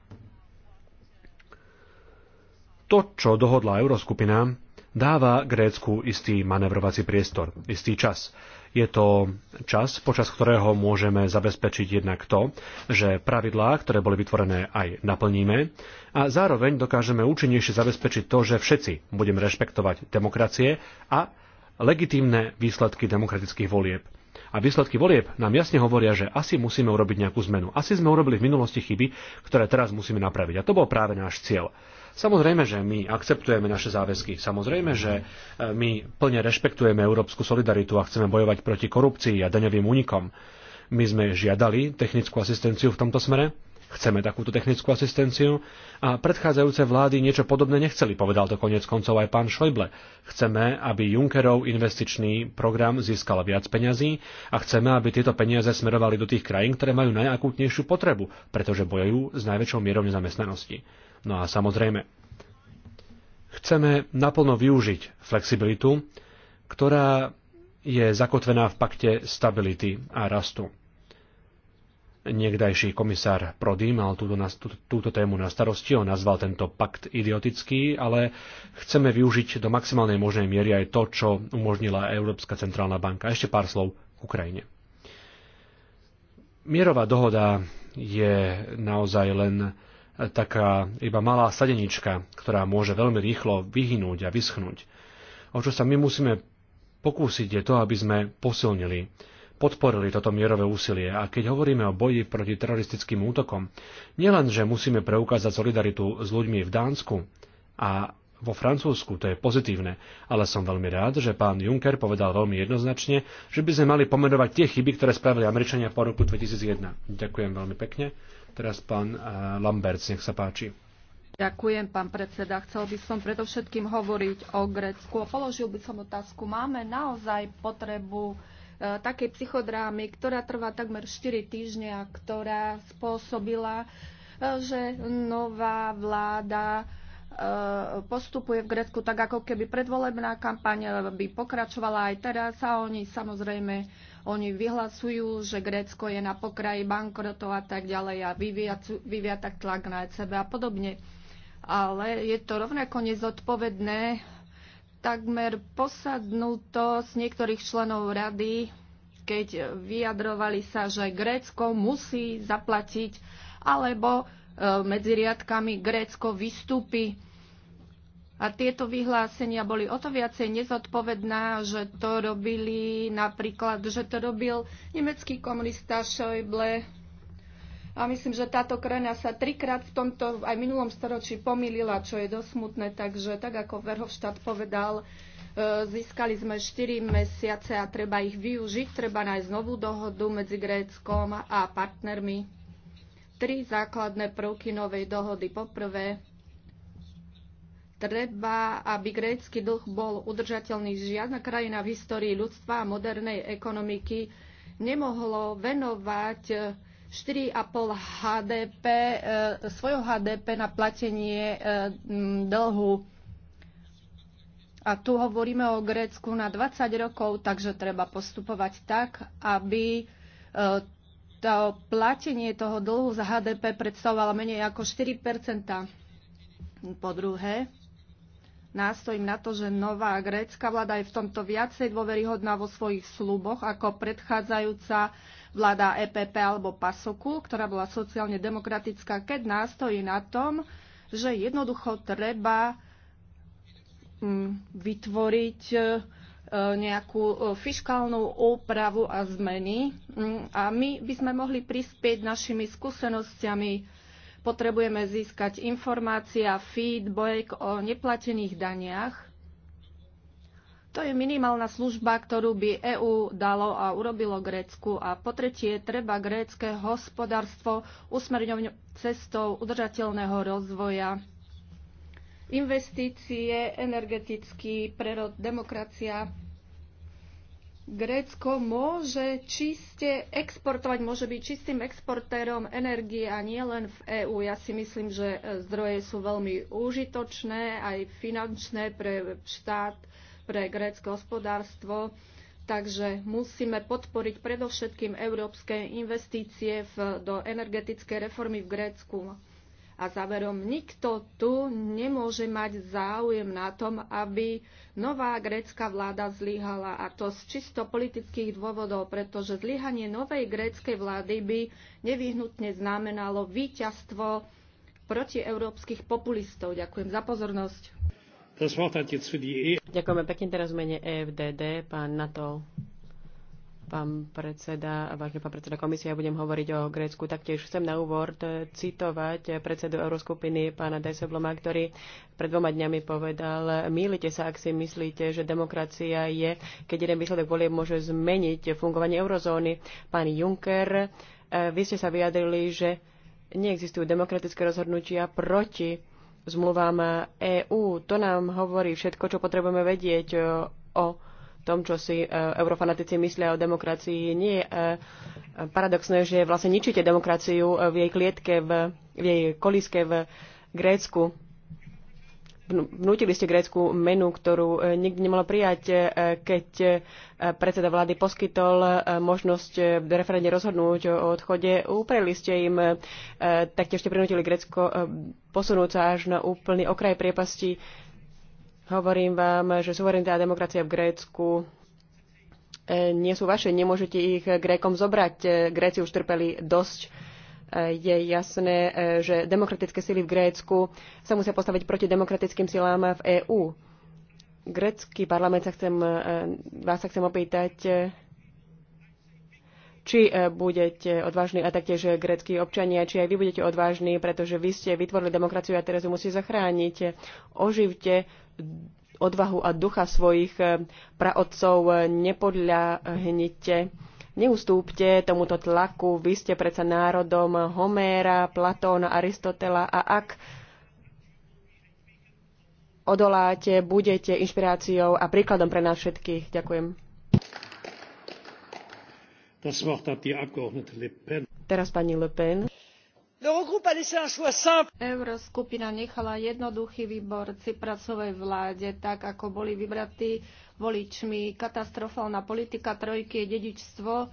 To, čo dohodla euroskupina, dáva Grécku istý manevrovací priestor, istý čas. Je to čas, počas ktorého môžeme zabezpečiť jednak to, že pravidlá, ktoré boli vytvorené, aj naplníme a zároveň dokážeme účinnejšie zabezpečiť to, že všetci budeme rešpektovať demokracie a legitímne výsledky demokratických volieb a výsledky volieb nám jasne hovoria, že asi musíme urobiť nejakú zmenu. Asi sme urobili v minulosti chyby, ktoré teraz musíme napraviť. A to bol práve náš cieľ. Samozrejme, že my akceptujeme naše záväzky. Samozrejme, že e, my plne rešpektujeme európsku solidaritu a chceme bojovať proti korupcii a daňovým únikom. My sme žiadali technickú asistenciu v tomto smere Chceme takúto technickú asistenciu a predchádzajúce vlády niečo podobné nechceli, povedal to konec koncov aj pán Šojble. Chceme, aby Junckerov investičný program získal viac peňazí a chceme, aby tieto peniaze smerovali do tých krajín, ktoré majú najakútnejšiu potrebu, pretože bojujú s najväčšou mierou nezamestnanosti. No a samozrejme, chceme naplno využiť flexibilitu, ktorá je zakotvená v pakte stability a rastu niekdajší komisár Prody mal túto, na, tú, túto tému na starosti, on nazval tento pakt idiotický, ale chceme využiť do maximálnej možnej miery aj to, čo umožnila Európska centrálna banka. Ešte pár slov k Ukrajine. Mierová dohoda je naozaj len taká iba malá sadenička, ktorá môže veľmi rýchlo vyhnúť a vyschnúť. O čo sa my musíme pokúsiť je to, aby sme posilnili podporili toto mierové úsilie. A keď hovoríme o boji proti teroristickým útokom, nielen, že musíme preukázať solidaritu s ľuďmi v Dánsku a vo Francúzsku, to je pozitívne, ale som veľmi rád, že pán Juncker povedal veľmi jednoznačne, že by sme mali pomenovať tie chyby, ktoré spravili Američania po roku 2001. Ďakujem veľmi pekne. Teraz pán eh, Lamberts, nech sa páči. Ďakujem, pán predseda. Chcel by som predovšetkým hovoriť o Grécku. Položil by som otázku, máme naozaj potrebu E, také psychodrámy, ktorá trvá takmer 4 týždne a ktorá spôsobila, e, že nová vláda e, postupuje v Grécku tak, ako keby predvolebná kampaň by pokračovala aj teraz a oni samozrejme oni vyhlasujú, že Grécko je na pokraji bankrotov a tak ďalej a vyvia, vyvia tak tlak na ECB a podobne. Ale je to rovnako nezodpovedné takmer posadnuto z niektorých členov rady, keď vyjadrovali sa, že Grécko musí zaplatiť, alebo e, medzi riadkami Grécko vystúpi. A tieto vyhlásenia boli o to viacej nezodpovedná, že to robili napríklad, že to robil nemecký komunista Schäuble a myslím, že táto krajina sa trikrát v tomto aj minulom storočí pomýlila, čo je dosť smutné. Takže tak ako Verhofstadt povedal, e, získali sme 4 mesiace a treba ich využiť. Treba nájsť novú dohodu medzi Gréckom a partnermi. Tri základné prvky novej dohody. Poprvé, treba, aby grécky dlh bol udržateľný. Žiadna krajina v histórii ľudstva a modernej ekonomiky nemohlo venovať 4,5 HDP, e, svojho HDP na platenie e, dlhu. A tu hovoríme o Grécku na 20 rokov, takže treba postupovať tak, aby e, to platenie toho dlhu za HDP predstavovalo menej ako 4 Po druhé, Nástojím na to, že nová grécka vláda je v tomto viacej dôveryhodná vo svojich sluboch ako predchádzajúca vláda EPP alebo PASOKu, ktorá bola sociálne demokratická, keď nástojí na tom, že jednoducho treba mm, vytvoriť e, nejakú e, fiškálnu úpravu a zmeny. Mm, a my by sme mohli prispieť našimi skúsenostiami. Potrebujeme získať informácie a feedback o neplatených daniach to je minimálna služba, ktorú by EÚ dalo a urobilo Grécku. A po tretie, treba grécké hospodárstvo usmerňovať cestou udržateľného rozvoja. Investície, energetický prerod, demokracia. Grécko môže čiste exportovať, môže byť čistým exportérom energie a nie len v EÚ. Ja si myslím, že zdroje sú veľmi užitočné, aj finančné pre štát pre grécke hospodárstvo, takže musíme podporiť predovšetkým európske investície v, do energetickej reformy v Grécku. A záverom, nikto tu nemôže mať záujem na tom, aby nová grécka vláda zlyhala. A to z čisto politických dôvodov, pretože zlyhanie novej gréckej vlády by nevyhnutne znamenalo víťazstvo proti európskych populistov. Ďakujem za pozornosť. Ďakujeme pekne teraz v mene EFDD, pán Nato. Pán predseda, vážne pán predseda komisie, ja budem hovoriť o Grécku. Taktiež chcem na úvod citovať predsedu Euroskupiny pána Dajsebloma, ktorý pred dvoma dňami povedal, mýlite sa, ak si myslíte, že demokracia je, keď jeden výsledok volie môže zmeniť fungovanie eurozóny. Pán Juncker, eh, vy ste sa vyjadrili, že neexistujú demokratické rozhodnutia proti zmluvám EÚ. To nám hovorí všetko, čo potrebujeme vedieť e, o tom, čo si e, eurofanatici myslia o demokracii. Nie je paradoxné, že vlastne ničíte demokraciu e, v jej klietke, v, v jej kolíske v Grécku vnútili ste Grécku menu, ktorú e, nikdy nemalo prijať, e, keď e, predseda vlády poskytol možnosť referende rozhodnúť o odchode. Upreli ste im, taktiež ste prinútili Grécko posunúť sa až na úplný okraj priepasti. Hovorím vám, že suverenita a demokracia v Grécku nie sú vaše, nemôžete ich Grékom zobrať. Gréci už trpeli dosť je jasné, e, že demokratické sily v Grécku sa musia postaviť proti demokratickým silám v EÚ. Grécky parlament sa chcem, e, vás sa chcem opýtať, e, či budete odvážni a taktiež grécky občania, či aj vy budete odvážni, pretože vy ste vytvorili demokraciu a teraz ju musí zachrániť. Oživte odvahu a ducha svojich praodcov, nepodľahnite Neustúpte tomuto tlaku, vy ste predsa národom Homéra, Platóna, Aristotela a ak odoláte, budete inšpiráciou a príkladom pre nás všetkých. Ďakujem. Teraz pani Le Pen. Euroskupina nechala jednoduchý výbor Cyprasovej vláde, tak ako boli vybratí voličmi. Katastrofálna politika trojky je dedičstvo. E,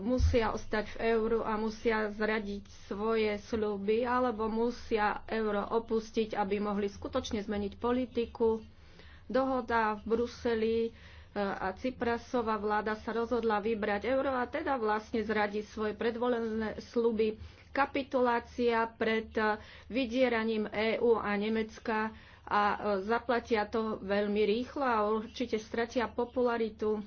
musia ostať v euru a musia zradiť svoje sľuby, alebo musia euro opustiť, aby mohli skutočne zmeniť politiku. Dohoda v Bruseli e, a Cyprasová vláda sa rozhodla vybrať euro a teda vlastne zradi svoje predvolené sluby kapitulácia pred e, vydieraním EÚ a Nemecka a e, zaplatia to veľmi rýchlo a určite stratia popularitu.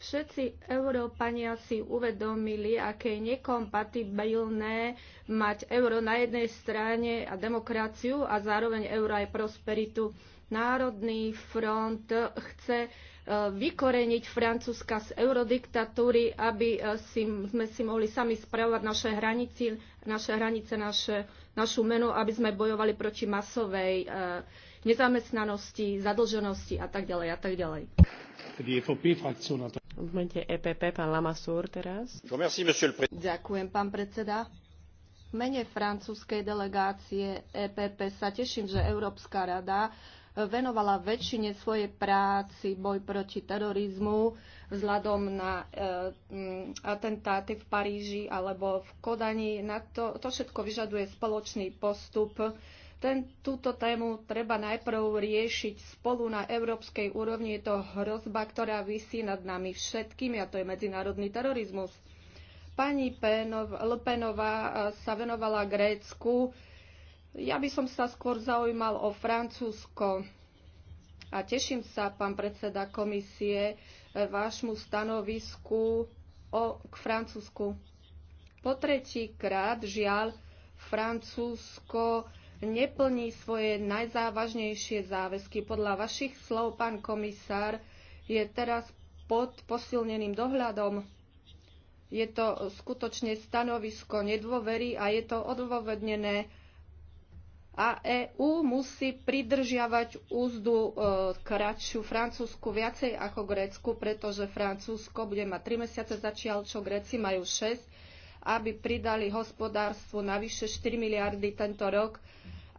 Všetci Európania si uvedomili, aké je nekompatibilné mať euro na jednej strane a demokraciu a zároveň euro aj prosperitu. Národný front chce e, vykoreniť Francúzska z eurodiktatúry, aby e, si, sme si mohli sami spravovať naše hranice, naše hranice, naše našu menu, aby sme bojovali proti masovej e, nezamestnanosti, zadlženosti a tak ďalej a tak ďalej. E v EPP, e pán Lamassur teraz. Ďakujem, pán predseda. V mene francúzskej delegácie EPP sa teším, že Európska rada venovala väčšine svojej práci boj proti terorizmu vzhľadom na e, mm, atentáty v Paríži alebo v Kodani. Na to, to všetko vyžaduje spoločný postup. Ten, túto tému treba najprv riešiť spolu na európskej úrovni. Je to hrozba, ktorá vysí nad nami všetkými a to je medzinárodný terorizmus. Pani Pénov, Lpenová e, sa venovala Grécku. Ja by som sa skôr zaujímal o Francúzsko. A teším sa, pán predseda komisie, vášmu stanovisku o, k Francúzsku. Po tretí krát, žiaľ, Francúzsko neplní svoje najzávažnejšie záväzky. Podľa vašich slov, pán komisár, je teraz pod posilneným dohľadom. Je to skutočne stanovisko nedôvery a je to odôvodnené a EÚ musí pridržiavať úzdu e, Kratšiu Francúzsku viacej ako Grécku, pretože Francúzsko bude mať 3 mesiace začiaľ, čo Gréci majú 6, aby pridali hospodárstvu navyše 4 miliardy tento rok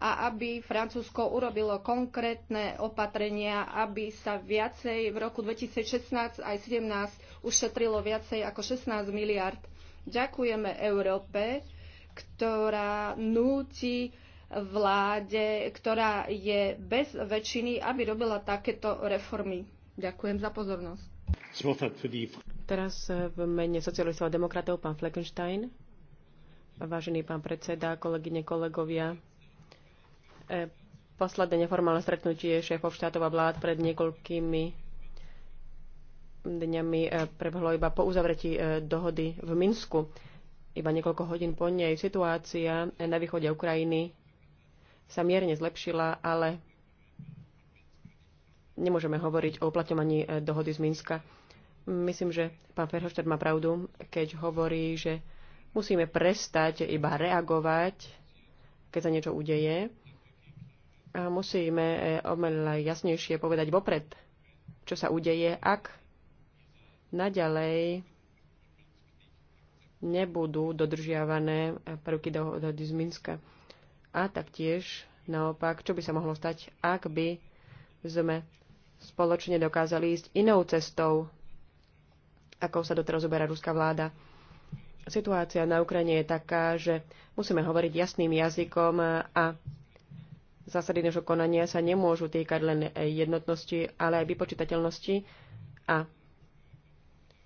a aby Francúzsko urobilo konkrétne opatrenia, aby sa viacej v roku 2016 aj 2017 ušetrilo viacej ako 16 miliard. Ďakujeme Európe, ktorá núti vláde, ktorá je bez väčšiny, aby robila takéto reformy. Ďakujem za pozornosť. Teraz v mene socialistov a demokratov pán Fleckenstein. Vážený pán predseda, kolegyne, kolegovia. E, posledné neformálne stretnutie šéfov štátov a vlád pred niekoľkými dňami e, prebehlo iba po uzavretí e, dohody v Minsku. Iba niekoľko hodín po nej situácia na východe Ukrajiny sa mierne zlepšila, ale nemôžeme hovoriť o uplatňovaní e, dohody z Minska. Myslím, že pán Ferhoštad má pravdu, keď hovorí, že musíme prestať iba reagovať, keď sa niečo udeje. A musíme e, omeľa jasnejšie povedať vopred, čo sa udeje, ak naďalej nebudú dodržiavané prvky dohody z Minska. A taktiež naopak, čo by sa mohlo stať, ak by sme spoločne dokázali ísť inou cestou, ako sa doteraz uberá ruská vláda. Situácia na Ukrajine je taká, že musíme hovoriť jasným jazykom a zásady našho konania sa nemôžu týkať len jednotnosti, ale aj vypočítateľnosti a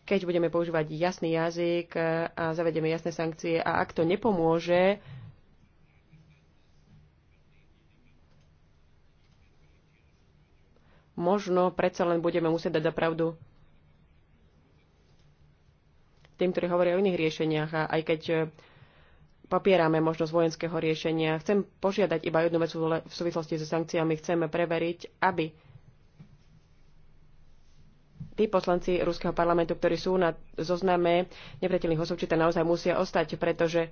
keď budeme používať jasný jazyk a zavedeme jasné sankcie a ak to nepomôže možno predsa len budeme musieť dať pravdu tým, ktorí hovoria o iných riešeniach. A aj keď eh, popierame možnosť vojenského riešenia, chcem požiadať iba jednu vec v súvislosti so sankciami. Chceme preveriť, aby tí poslanci Ruského parlamentu, ktorí sú na zozname nepriateľných osob, či tam naozaj musia ostať, pretože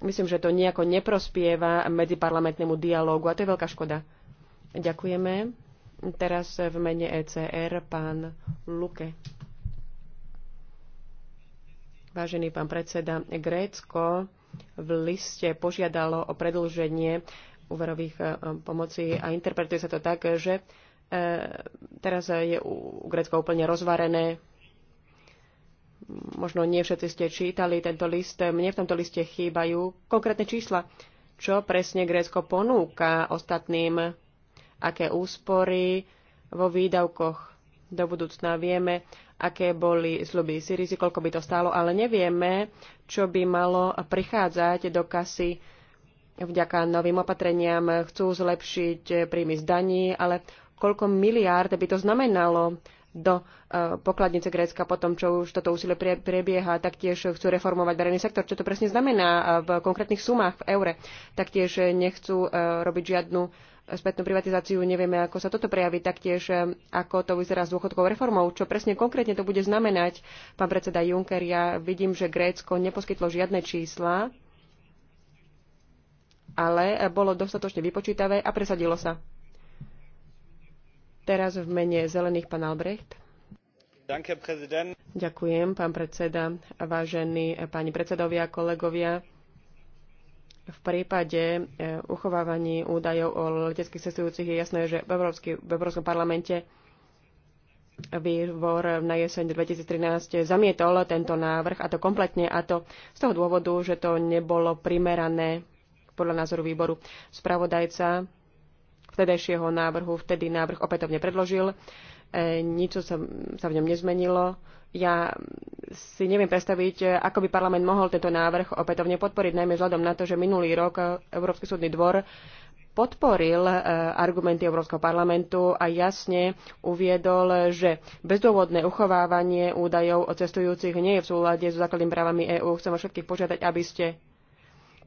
myslím, že to nejako neprospieva medziparlamentnému dialógu a to je veľká škoda. Ďakujeme. Teraz v mene ECR pán Luke. Vážený pán predseda, Grécko v liste požiadalo o predlženie úverových e, pomoci a interpretuje sa to tak, že e, teraz je u Grécka úplne rozvarené. Možno nie všetci ste čítali tento list. Mne v tomto liste chýbajú konkrétne čísla. Čo presne Grécko ponúka ostatným aké úspory vo výdavkoch do budúcna vieme, aké boli sluby Syrizy, koľko by to stálo, ale nevieme, čo by malo prichádzať do kasy vďaka novým opatreniam. Chcú zlepšiť príjmy z daní, ale koľko miliárd by to znamenalo do e, pokladnice Grécka po tom, čo už toto úsilie prebieha, taktiež chcú reformovať verejný sektor, čo to presne znamená v konkrétnych sumách v eure. Taktiež nechcú e, robiť žiadnu spätnú privatizáciu, nevieme, ako sa toto prejaví, taktiež e, ako to vyzerá s dôchodkovou reformou, čo presne konkrétne to bude znamenať. Pán predseda Juncker, ja vidím, že Grécko neposkytlo žiadne čísla, ale bolo dostatočne vypočítavé a presadilo sa. Teraz v mene zelených pán Albrecht. Ďakujem, pán predseda, vážení e, páni predsedovia, kolegovia v prípade eh, uchovávaní údajov o leteckých cestujúcich je jasné, že v, Európsky, v Európskom parlamente výbor na jeseň 2013 zamietol tento návrh a to kompletne a to z toho dôvodu, že to nebolo primerané podľa názoru výboru. Spravodajca vtedajšieho návrhu vtedy návrh opätovne predložil. E, nič sa, sa v ňom nezmenilo. Ja si neviem predstaviť, e, ako by parlament mohol tento návrh opätovne podporiť, najmä vzhľadom na to, že minulý rok Európsky súdny dvor podporil e, argumenty Európskeho parlamentu a jasne uviedol, že bezdôvodné uchovávanie údajov o cestujúcich nie je v súlade so základnými právami EÚ. Chcem vás všetkých požiadať, aby ste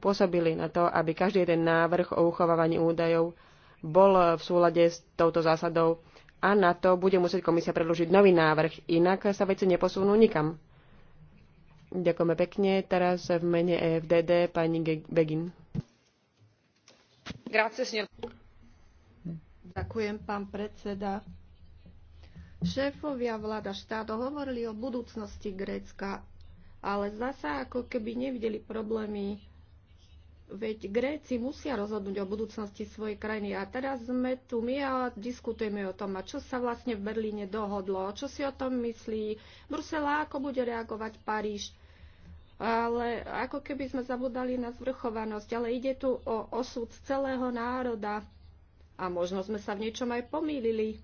pôsobili na to, aby každý jeden návrh o uchovávaní údajov bol v súlade s touto zásadou a na to bude musieť komisia predložiť nový návrh, inak sa veci neposunú nikam. Ďakujeme pekne. Teraz v mene EFDD pani Begin. Grazie, Ďakujem, pán predseda. Šéfovia vláda štáto hovorili o budúcnosti Grécka, ale zasa ako keby nevideli problémy Veď Gréci musia rozhodnúť o budúcnosti svojej krajiny. A teraz sme tu my a diskutujeme o tom, a čo sa vlastne v Berlíne dohodlo, čo si o tom myslí Brusela, ako bude reagovať Paríž. Ale ako keby sme zabudali na zvrchovanosť, ale ide tu o osud celého národa. A možno sme sa v niečom aj pomýlili. E,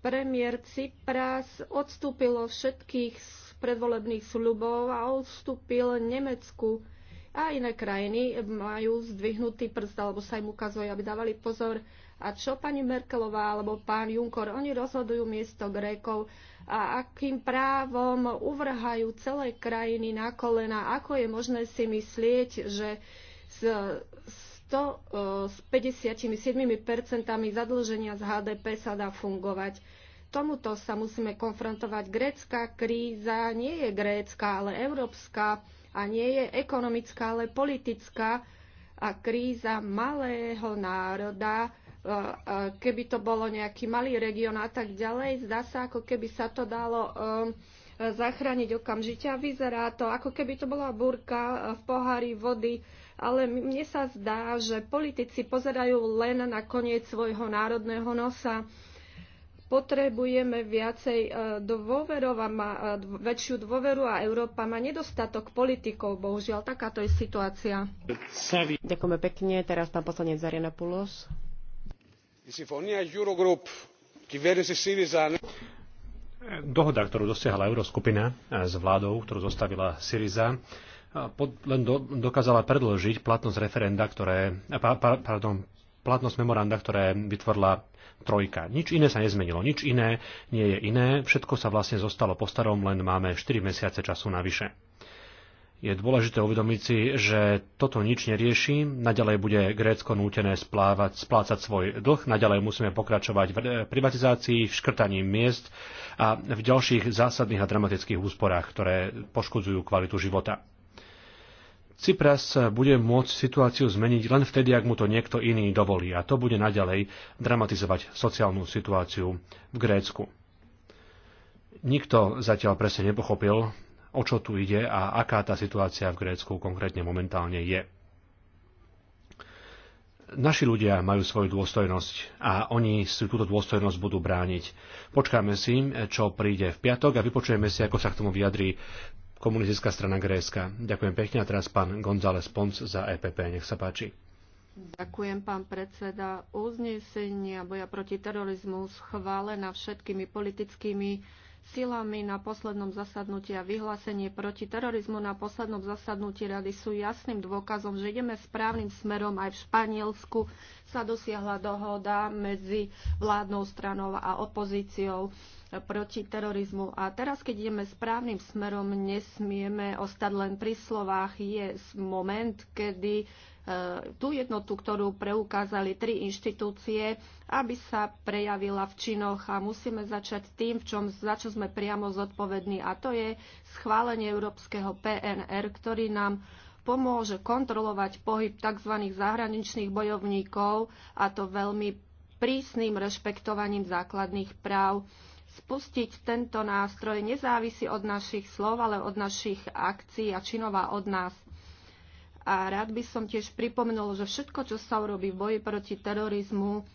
premiér Cipras odstúpil všetkých predvolebných sľubov a odstúpil Nemecku a iné krajiny majú zdvihnutý prst alebo sa im ukazuje, aby dávali pozor. A čo pani Merkelová alebo pán Juncker, oni rozhodujú miesto Grékov a akým právom uvrhajú celé krajiny na kolena, ako je možné si myslieť, že s, to e, s 57% zadlženia z HDP sa dá fungovať. Tomuto sa musíme konfrontovať. Grécka kríza nie je grécka, ale európska a nie je ekonomická, ale politická a kríza malého národa, e, e, keby to bolo nejaký malý región a tak ďalej, zdá sa, ako keby sa to dalo e, zachrániť okamžite a vyzerá to, ako keby to bola búrka v pohári vody, ale mne sa zdá, že politici pozerajú len na koniec svojho národného nosa potrebujeme viacej e, dôverov a má e, väčšiu dôveru a Európa má nedostatok politikov. Bohužiaľ, takáto je situácia. Ďakujeme pekne. Teraz pán poslanec Pulos. Dohoda, ktorú dosiahla Euroskupina e, s vládou, ktorú zostavila Syriza, len dokázala predložiť platnosť referenda, ktoré, pardon, platnosť memoranda, ktoré vytvorila trojka. Nič iné sa nezmenilo, nič iné nie je iné, všetko sa vlastne zostalo po starom, len máme 4 mesiace času navyše. Je dôležité uvedomiť si, že toto nič nerieši, naďalej bude Grécko nútené splávať, splácať svoj dlh, naďalej musíme pokračovať v privatizácii, v škrtaní miest a v ďalších zásadných a dramatických úsporách, ktoré poškodzujú kvalitu života. Cypras bude môcť situáciu zmeniť len vtedy, ak mu to niekto iný dovolí a to bude naďalej dramatizovať sociálnu situáciu v Grécku. Nikto zatiaľ presne nepochopil, o čo tu ide a aká tá situácia v Grécku konkrétne momentálne je. Naši ľudia majú svoju dôstojnosť a oni si túto dôstojnosť budú brániť. Počkáme si, čo príde v piatok a vypočujeme si, ako sa k tomu vyjadrí komunistická strana Grécka. Ďakujem pekne a teraz pán González Pons za EPP. Nech sa páči. Ďakujem, pán predseda. Uznesenia boja proti terorizmu schválená všetkými politickými silami na poslednom zasadnutí a vyhlásenie proti terorizmu na poslednom zasadnutí rady sú jasným dôkazom, že ideme správnym smerom. Aj v Španielsku sa dosiahla dohoda medzi vládnou stranou a opozíciou proti terorizmu. A teraz, keď ideme správnym smerom, nesmieme ostať len pri slovách. Je moment, kedy e, tú jednotu, ktorú preukázali tri inštitúcie, aby sa prejavila v činoch a musíme začať tým, v čom, za čo sme priamo zodpovední a to je schválenie európskeho PNR, ktorý nám pomôže kontrolovať pohyb tzv. zahraničných bojovníkov a to veľmi prísnym rešpektovaním základných práv Spustiť tento nástroj nezávisí od našich slov, ale od našich akcií a činová od nás. A rád by som tiež pripomenul, že všetko, čo sa urobí v boji proti terorizmu,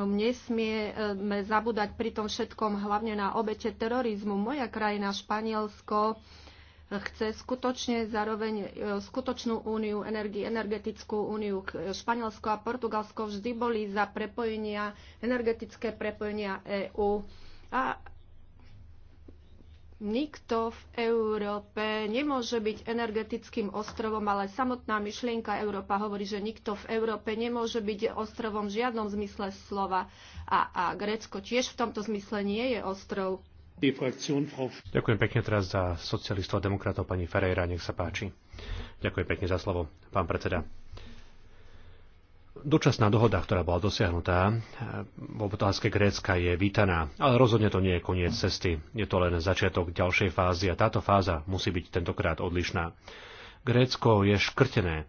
no nesmieme zabúdať pri tom všetkom hlavne na obete terorizmu. Moja krajina, Španielsko, chce skutočne zároveň e, skutočnú úniu energii, energetickú úniu. Španielsko a Portugalsko vždy boli za prepojenia, energetické prepojenia EÚ. A nikto v Európe nemôže byť energetickým ostrovom, ale samotná myšlienka Európa hovorí, že nikto v Európe nemôže byť ostrovom v žiadnom zmysle slova. A, a Grécko tiež v tomto zmysle nie je ostrov Ďakujem pekne teraz za socialistov a demokratov pani Ferreira, nech sa páči. Ďakujem pekne za slovo, pán predseda. Dočasná dohoda, ktorá bola dosiahnutá v otázke Grécka je vítaná, ale rozhodne to nie je koniec cesty. Je to len začiatok ďalšej fázy a táto fáza musí byť tentokrát odlišná. Grécko je škrtené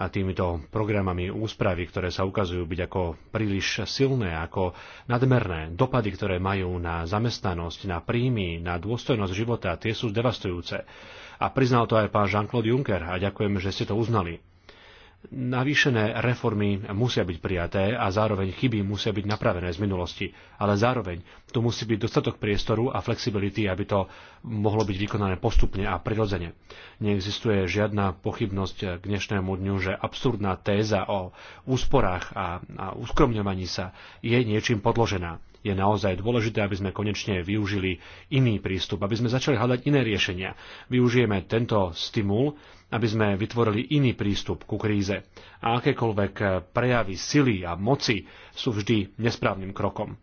a týmito programami úspravy, ktoré sa ukazujú byť ako príliš silné, ako nadmerné, dopady, ktoré majú na zamestnanosť, na príjmy, na dôstojnosť života, tie sú devastujúce. A priznal to aj pán Jean-Claude Juncker a ďakujem, že ste to uznali. Navýšené reformy musia byť prijaté a zároveň chyby musia byť napravené z minulosti, ale zároveň tu musí byť dostatok priestoru a flexibility, aby to mohlo byť vykonané postupne a prirodzene. Neexistuje žiadna pochybnosť k dnešnému dňu, že absurdná téza o úsporách a, a uskromňovaní sa je niečím podložená je naozaj dôležité, aby sme konečne využili iný prístup, aby sme začali hľadať iné riešenia. Využijeme tento stimul aby sme vytvorili iný prístup ku kríze a akékoľvek prejavy sily a moci sú vždy nesprávnym krokom.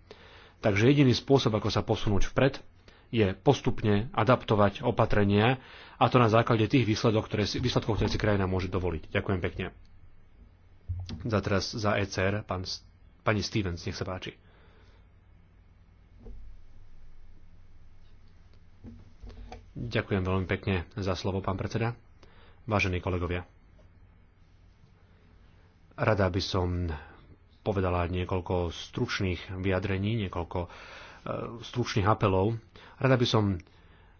Takže jediný spôsob, ako sa posunúť vpred, je postupne adaptovať opatrenia a to na základe tých výsledok, ktoré si, výsledkov, ktoré si krajina môže dovoliť. Ďakujem pekne. Za teraz za ECR, pán, pani Stevens, nech sa páči. Ďakujem veľmi pekne za slovo, pán predseda. Vážení kolegovia, rada by som povedala niekoľko stručných vyjadrení, niekoľko e, stručných apelov. Rada by som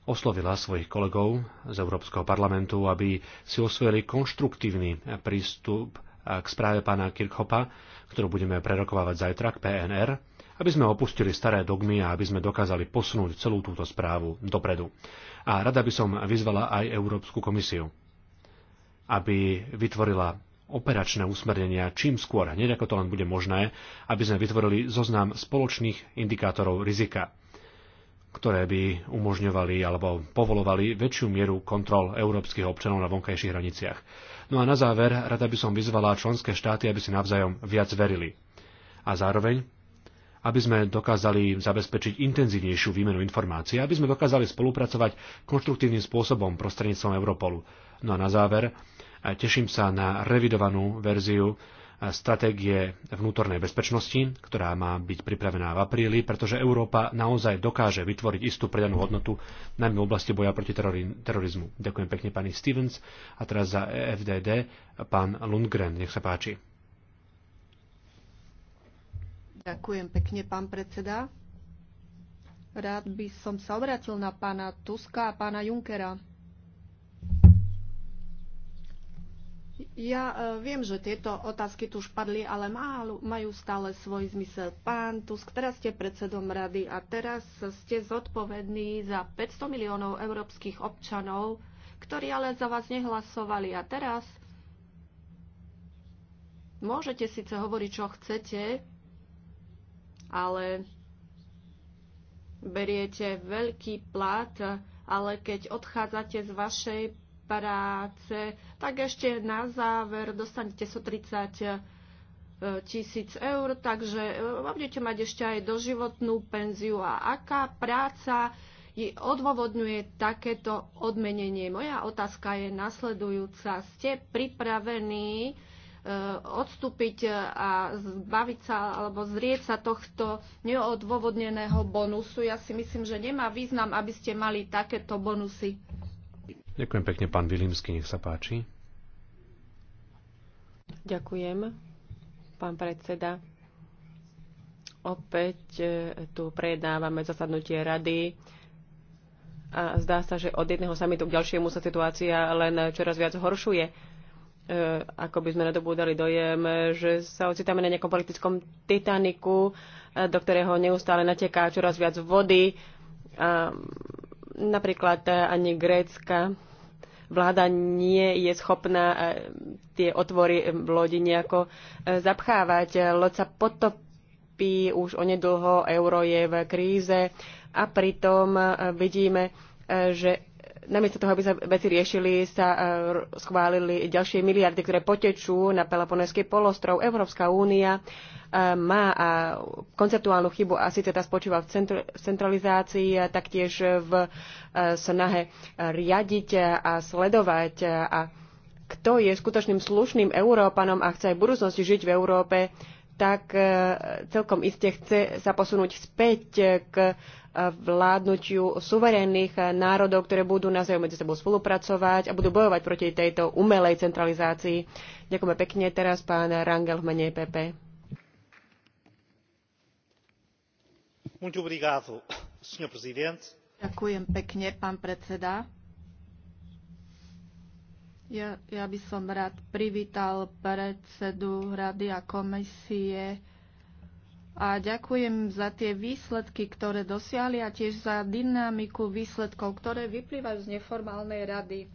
oslovila svojich kolegov z Európskeho parlamentu, aby si osvojili konštruktívny prístup k správe pána Kirchhopa, ktorú budeme prerokovávať zajtra k PNR, aby sme opustili staré dogmy a aby sme dokázali posunúť celú túto správu dopredu. A rada by som vyzvala aj Európsku komisiu aby vytvorila operačné usmernenia čím skôr, hneď ako to len bude možné, aby sme vytvorili zoznam spoločných indikátorov rizika, ktoré by umožňovali alebo povolovali väčšiu mieru kontrol európskych občanov na vonkajších hraniciach. No a na záver, rada by som vyzvala členské štáty, aby si navzájom viac verili. A zároveň, aby sme dokázali zabezpečiť intenzívnejšiu výmenu informácií, aby sme dokázali spolupracovať konštruktívnym spôsobom prostredníctvom Europolu. No a na záver, Teším sa na revidovanú verziu eh, stratégie vnútornej bezpečnosti, ktorá má byť pripravená v apríli, pretože Európa naozaj dokáže vytvoriť istú predanú hodnotu, najmä v oblasti boja proti terorizmu. Ďakujem pekne pani Stevens a teraz za EFDD pán Lundgren. Nech sa páči. Ďakujem pekne, pán predseda. Rád by som sa obratil na pána Tuska a pána Junkera Ja e, viem, že tieto otázky tu už padli, ale majú stále svoj zmysel. Pán Tusk, teraz ste predsedom rady a teraz ste zodpovední za 500 miliónov európskych občanov, ktorí ale za vás nehlasovali. A teraz môžete síce hovoriť, čo chcete, ale beriete veľký plat, ale keď odchádzate z vašej práce, tak ešte na záver dostanete 130 e, tisíc eur, takže e, budete mať ešte aj doživotnú penziu. A aká práca je odôvodňuje takéto odmenenie? Moja otázka je nasledujúca. Ste pripravení e, odstúpiť a zbaviť sa alebo zrieť sa tohto neodôvodneného bonusu. Ja si myslím, že nemá význam, aby ste mali takéto bonusy. Ďakujem pekne, pán Vilimsky, nech sa páči. Ďakujem, pán predseda. Opäť e, tu prejednávame zasadnutie rady a zdá sa, že od jedného samitu k ďalšiemu sa situácia len čoraz viac horšuje. E, ako by sme nadobúdali dojem, že sa ocitáme na nejakom politickom titaniku, e, do ktorého neustále nateká čoraz viac vody. A Napríklad eh, ani grécka vláda nie je schopná eh, tie otvory eh, v lodi nejako zapchávať. Loď sa potopí už onedlho, euro je v kríze a pritom vidíme, že namiesto toho, aby sa veci riešili, sa e, schválili ďalšie miliardy, ktoré potečú na Peloponeský polostrov. Európska únia e, má konceptuálnu chybu a síce tá spočíva v centralizácii, a taktiež v e, snahe riadiť a sledovať a kto je skutočným slušným Európanom a chce aj v budúcnosti žiť v Európe, tak celkom iste chce sa posunúť späť k vládnutiu suverénnych národov, ktoré budú navzájom medzi sebou spolupracovať a budú bojovať proti tejto umelej centralizácii. Ďakujeme pekne. Teraz pán Rangel v mene PP. E Ďakujem pekne, pán predseda. Ja, ja by som rád privítal predsedu Rady a komisie a ďakujem za tie výsledky, ktoré dosiahli a tiež za dynamiku výsledkov, ktoré vyplývajú z neformálnej rady.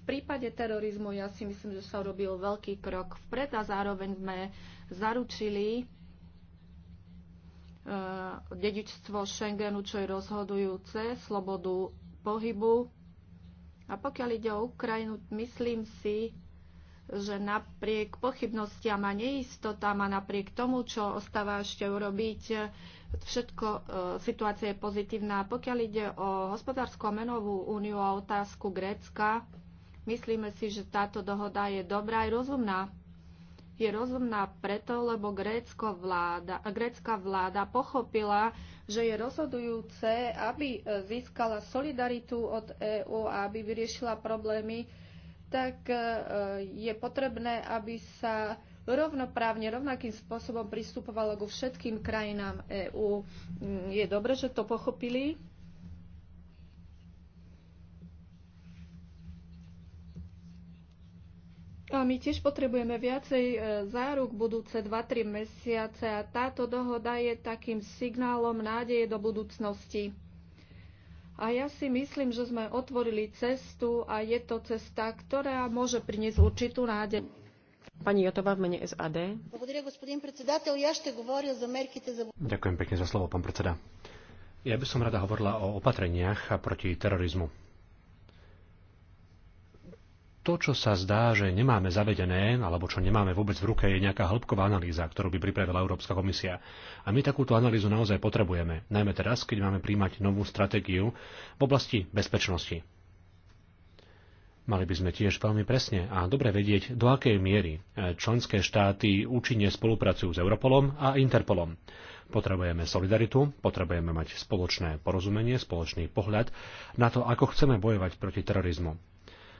V prípade terorizmu ja si myslím, že sa urobil veľký krok vpred a zároveň sme zaručili uh, dedičstvo Schengenu, čo je rozhodujúce, slobodu pohybu. A pokiaľ ide o Ukrajinu, myslím si, že napriek pochybnostiam a neistotám a napriek tomu, čo ostáva ešte urobiť, všetko, e, situácia je pozitívna. Pokiaľ ide o hospodárskú a menovú úniu a otázku Grécka, myslíme si, že táto dohoda je dobrá aj rozumná. Je rozumná preto, lebo grécko vláda, grécka vláda pochopila, že je rozhodujúce, aby získala solidaritu od EÚ a aby vyriešila problémy, tak e, je potrebné, aby sa rovnoprávne, rovnakým spôsobom pristupovalo ku všetkým krajinám EÚ. Je dobre, že to pochopili. A my tiež potrebujeme viacej e, záruk budúce 2-3 mesiace a táto dohoda je takým signálom nádeje do budúcnosti. A ja si myslím, že sme otvorili cestu a je to cesta, ktorá môže priniesť určitú nádej. Pani Jotová v mene SAD. Ďakujem pekne za slovo, pán predseda. Ja by som rada hovorila o opatreniach proti terorizmu to, čo sa zdá, že nemáme zavedené, alebo čo nemáme vôbec v ruke, je nejaká hĺbková analýza, ktorú by pripravila Európska komisia. A my takúto analýzu naozaj potrebujeme, najmä teraz, keď máme príjmať novú stratégiu v oblasti bezpečnosti. Mali by sme tiež veľmi presne a dobre vedieť, do akej miery e, členské štáty účinne spolupracujú s Europolom a Interpolom. Potrebujeme solidaritu, potrebujeme mať spoločné porozumenie, spoločný pohľad na to, ako chceme bojovať proti terorizmu.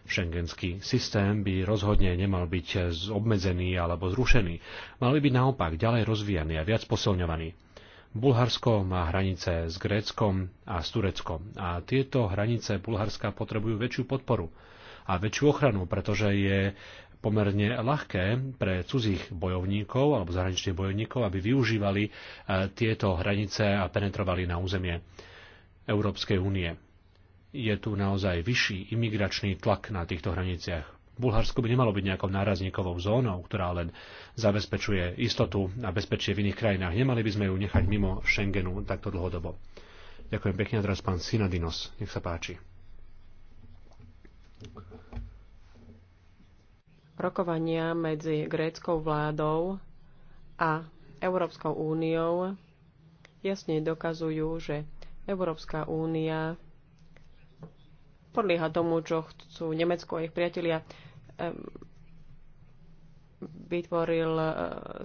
Schengenský systém by rozhodne nemal byť obmedzený alebo zrušený. Mal by byť naopak ďalej rozvíjaný a viac posilňovaný. Bulharsko má hranice s Gréckom a s Tureckom a tieto hranice Bulharska potrebujú väčšiu podporu a väčšiu ochranu, pretože je pomerne ľahké pre cudzích bojovníkov alebo zahraničných bojovníkov, aby využívali eh, tieto hranice a penetrovali na územie Európskej únie je tu naozaj vyšší imigračný tlak na týchto hraniciach. Bulharsko by nemalo byť nejakou nárazníkovou zónou, ktorá len zabezpečuje istotu a bezpečie v iných krajinách. Nemali by sme ju nechať mimo Schengenu takto dlhodobo. Ďakujem pekne a teraz pán Sinadinos. Nech sa páči. Rokovania medzi gréckou vládou a Európskou úniou jasne dokazujú, že Európska únia podlieha tomu, čo chcú Nemecko a ich priatelia. Vytvoril e,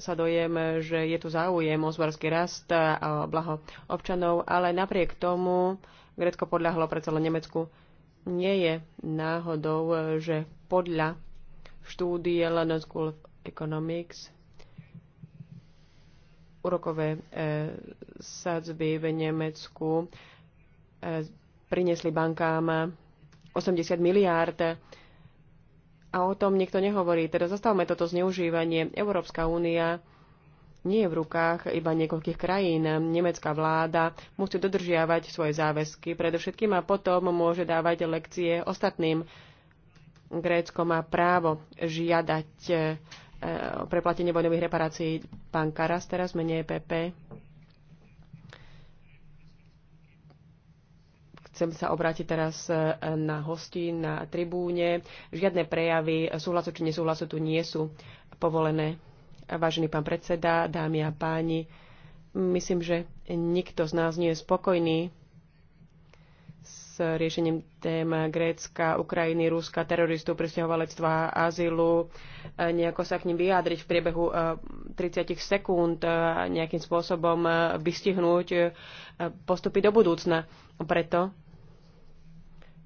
sa dojem, že je tu záujem o zvarský rast a blaho občanov, ale napriek tomu Grécko podľahlo pre celé Nemecku. Nie je náhodou, že podľa štúdie London School of Economics úrokové e, sadzby v Nemecku e, priniesli bankám 80 miliárd. A o tom nikto nehovorí. Teda zastavme toto zneužívanie. Európska únia nie je v rukách iba niekoľkých krajín. Nemecká vláda musí dodržiavať svoje záväzky predovšetkým a potom môže dávať lekcie ostatným. Grécko má právo žiadať eh, preplatenie vojnových reparácií. Pán Karas teraz menej EPP. Chcem sa obrátiť teraz e, na hosti, na tribúne. Žiadne prejavy súhlasu či nesúhlasu tu nie sú povolené. Vážený pán predseda, dámy a páni, myslím, že nikto z nás nie je spokojný s riešením tém Grécka, Ukrajiny, Ruska, teroristov, presťahovalectva, azylu, e, nejako sa k ním vyjadriť v priebehu 30 e, sekúnd, nejakým spôsobom vystihnúť postupy do budúcna. Preto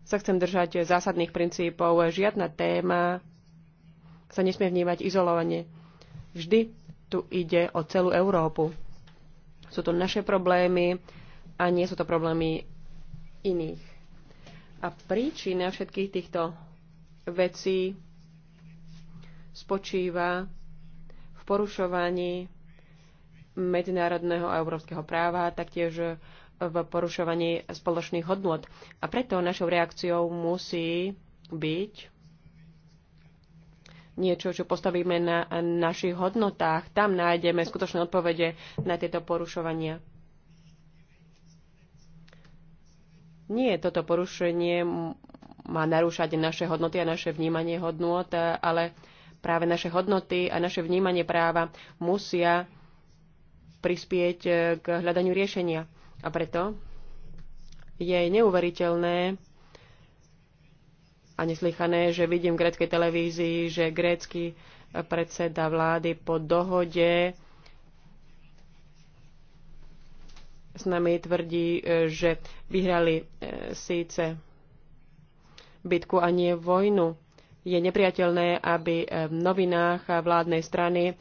sa chcem držať zásadných princípov. Žiadna téma sa nesmie vnímať izolovane. Vždy tu ide o celú Európu. Sú to naše problémy a nie sú to problémy iných. A príčina všetkých týchto vecí spočíva v porušovaní medzinárodného a európskeho práva, taktiež v porušovaní spoločných hodnot. A preto našou reakciou musí byť niečo, čo postavíme na našich hodnotách. Tam nájdeme skutočné odpovede na tieto porušovania. Nie, toto porušenie má narúšať naše hodnoty a naše vnímanie hodnot, ale práve naše hodnoty a naše vnímanie práva musia prispieť k hľadaniu riešenia. A preto je neuveriteľné a neslychané, že vidím v gréckej televízii, že grécky predseda vlády po dohode s nami tvrdí, že vyhrali e, síce bitku a nie vojnu. Je nepriateľné, aby e, v novinách vládnej strany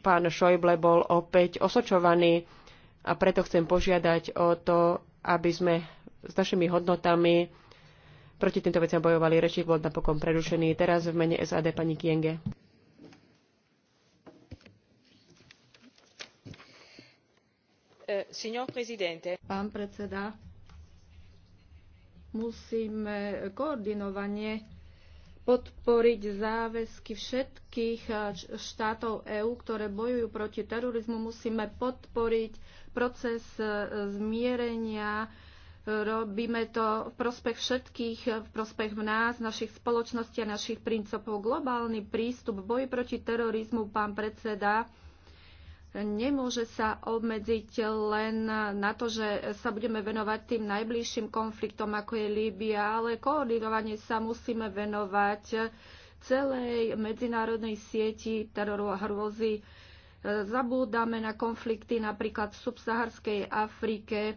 pán Šojble bol opäť osočovaný a preto chcem požiadať o to, aby sme s našimi hodnotami proti týmto veciam bojovali. Rečník bol napokon prerušený. Teraz v mene SAD pani Kienge. Eh, Pán predseda, musíme koordinovanie podporiť záväzky všetkých eh, štátov EÚ, ktoré bojujú proti terorizmu. Musíme podporiť proces e, zmierenia. E, robíme to v prospech všetkých, v prospech nás, našich spoločností a našich princípov. Globálny prístup v boji proti terorizmu, pán predseda, nemôže sa obmedziť len na to, že sa budeme venovať tým najbližším konfliktom, ako je Líbia, ale koordinovane sa musíme venovať celej medzinárodnej sieti teroru a hrôzy Zabúdame na konflikty napríklad v subsaharskej Afrike, e,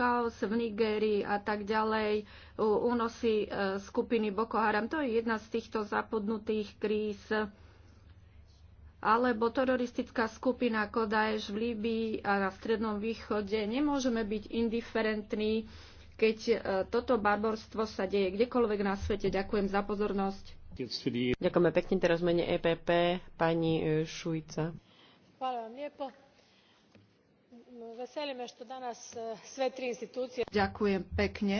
chaos v Nigérii a tak ďalej, únosy e, skupiny Boko Haram. To je jedna z týchto zapodnutých kríz. Alebo teroristická skupina Kodaeš v Líbii a na Strednom východe. Nemôžeme byť indiferentní, keď e, toto barborstvo sa deje kdekoľvek na svete. Ďakujem za pozornosť. Ďakujeme pekne teraz mene EPP pani Šujca. E, Ďakujem pekne.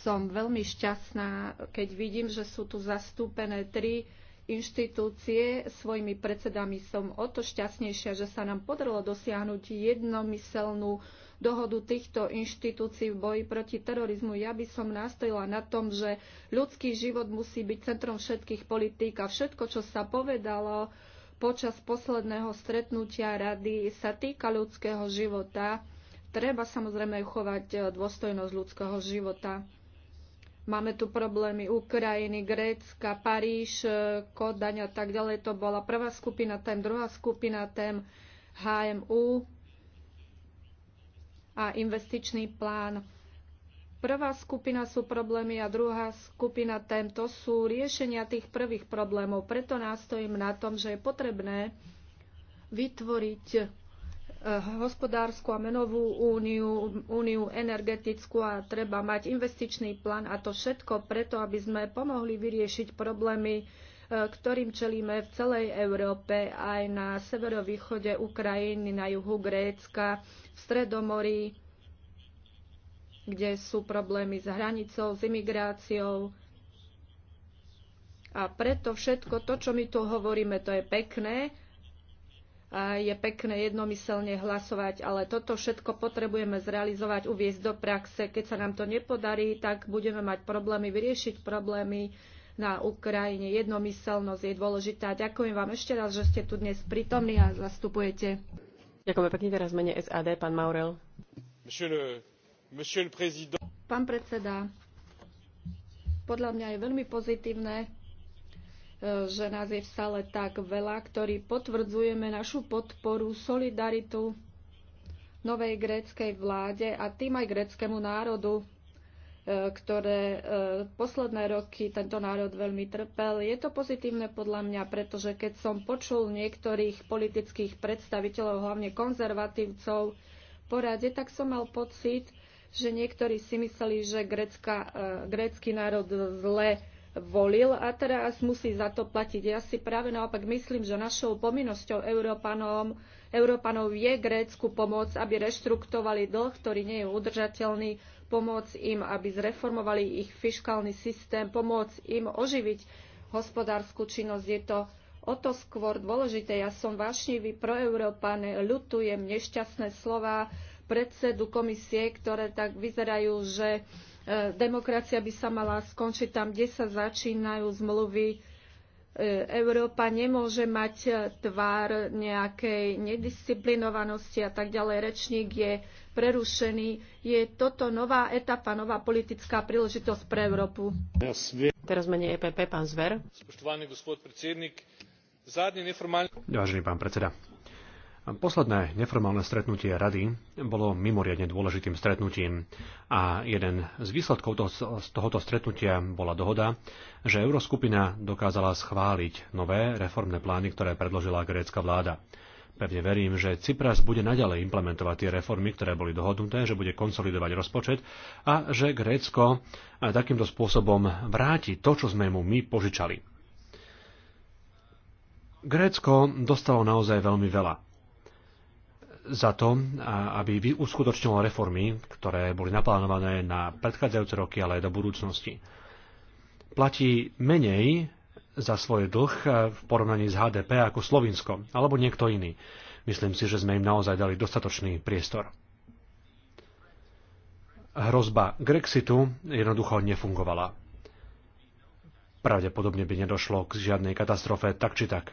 Som veľmi šťastná, keď vidím, že sú tu zastúpené tri inštitúcie. Svojimi predsedami som o to šťastnejšia, že sa nám podarilo dosiahnuť jednomyselnú dohodu týchto inštitúcií v boji proti terorizmu. Ja by som nastojila na tom, že ľudský život musí byť centrom všetkých politík a všetko, čo sa povedalo, počas posledného stretnutia rady sa týka ľudského života. Treba samozrejme uchovať e, dôstojnosť ľudského života. Máme tu problémy Ukrajiny, Grécka, Paríž, e, Kodaň a tak ďalej. To bola prvá skupina tém, druhá skupina tém HMU a investičný plán Prvá skupina sú problémy a druhá skupina tento sú riešenia tých prvých problémov. Preto nástojím na tom, že je potrebné vytvoriť eh, hospodárskú a menovú úniu, úniu energetickú a treba mať investičný plán a to všetko preto, aby sme pomohli vyriešiť problémy, eh, ktorým čelíme v celej Európe, aj na severovýchode Ukrajiny, na juhu Grécka, v Stredomorí kde sú problémy s hranicou, s imigráciou. A preto všetko to, čo my tu hovoríme, to je pekné, a je pekné jednomyselne hlasovať, ale toto všetko potrebujeme zrealizovať, uviezť do praxe. Keď sa nám to nepodarí, tak budeme mať problémy vyriešiť problémy na Ukrajine. Jednomyselnosť je dôležitá. Ďakujem vám ešte raz, že ste tu dnes prítomní a zastupujete. Ďakujem pekne teraz mene SAD, pán Maurel. Monsieur le Pán predseda, podľa mňa je veľmi pozitívne, e, že nás je v sale tak veľa, ktorí potvrdzujeme našu podporu, solidaritu novej gréckej vláde a tým aj gréckému národu, e, ktoré e, posledné roky tento národ veľmi trpel. Je to pozitívne podľa mňa, pretože keď som počul niektorých politických predstaviteľov, hlavne konzervatívcov, porade, tak som mal pocit, že niektorí si mysleli, že uh, grécky národ zle volil a teraz musí za to platiť. Ja si práve naopak myslím, že našou pominnosťou Európanom, Európanov je Grécku pomôcť, aby reštruktovali dlh, ktorý nie je udržateľný, pomôcť im, aby zreformovali ich fiskálny systém, pomôcť im oživiť hospodárskú činnosť. Je to o to skôr dôležité. Ja som vášnivý Európane, ľutujem nešťastné slova, predsedu komisie, ktoré tak vyzerajú, že e, demokracia by sa mala skončiť tam, kde sa začínajú zmluvy. E, Európa nemôže mať e, tvár nejakej nedisciplinovanosti a tak ďalej. Rečník je prerušený. Je toto nová etapa, nová politická príležitosť pre Európu. Teraz menej EPP, pán Zver. Vážený pán predseda, Posledné neformálne stretnutie rady bolo mimoriadne dôležitým stretnutím a jeden z výsledkov toho, z tohoto stretnutia bola dohoda, že Euroskupina dokázala schváliť nové reformné plány, ktoré predložila grécka vláda. Pevne verím, že Cypras bude naďalej implementovať tie reformy, ktoré boli dohodnuté, že bude konsolidovať rozpočet a že Grécko takýmto spôsobom vráti to, čo sme mu my požičali. Grécko dostalo naozaj veľmi veľa za to, aby uskutočňoval reformy, ktoré boli naplánované na predchádzajúce roky, ale aj do budúcnosti. Platí menej za svoj dlh v porovnaní s HDP ako Slovinsko alebo niekto iný. Myslím si, že sme im naozaj dali dostatočný priestor. Hrozba Grexitu jednoducho nefungovala. Pravdepodobne by nedošlo k žiadnej katastrofe tak či tak.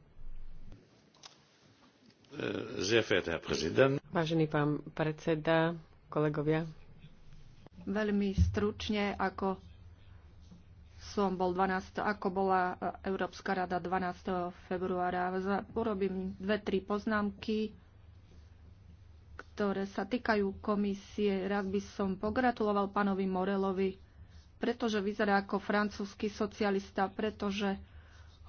Eh, Vážený pán predseda, kolegovia. Veľmi stručne, ako som bol 12, ako bola eh, Európska rada 12. februára. Porobím dve, tri poznámky, ktoré sa týkajú komisie. Rád by som pogratuloval pánovi Morelovi, pretože vyzerá ako francúzsky socialista, pretože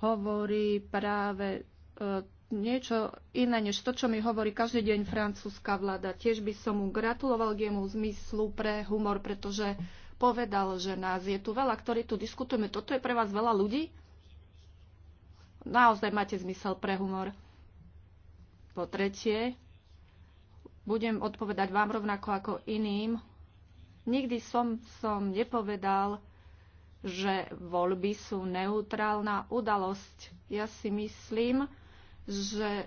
hovorí práve e, niečo iné, než to, čo mi hovorí každý deň francúzska vláda. Tiež by som mu gratuloval k jemu zmyslu pre humor, pretože povedal, že nás je tu veľa, ktorí tu diskutujeme. Toto je pre vás veľa ľudí? Naozaj máte zmysel pre humor. Po tretie, budem odpovedať vám rovnako ako iným. Nikdy som, som nepovedal, že voľby sú neutrálna udalosť. Ja si myslím, že e,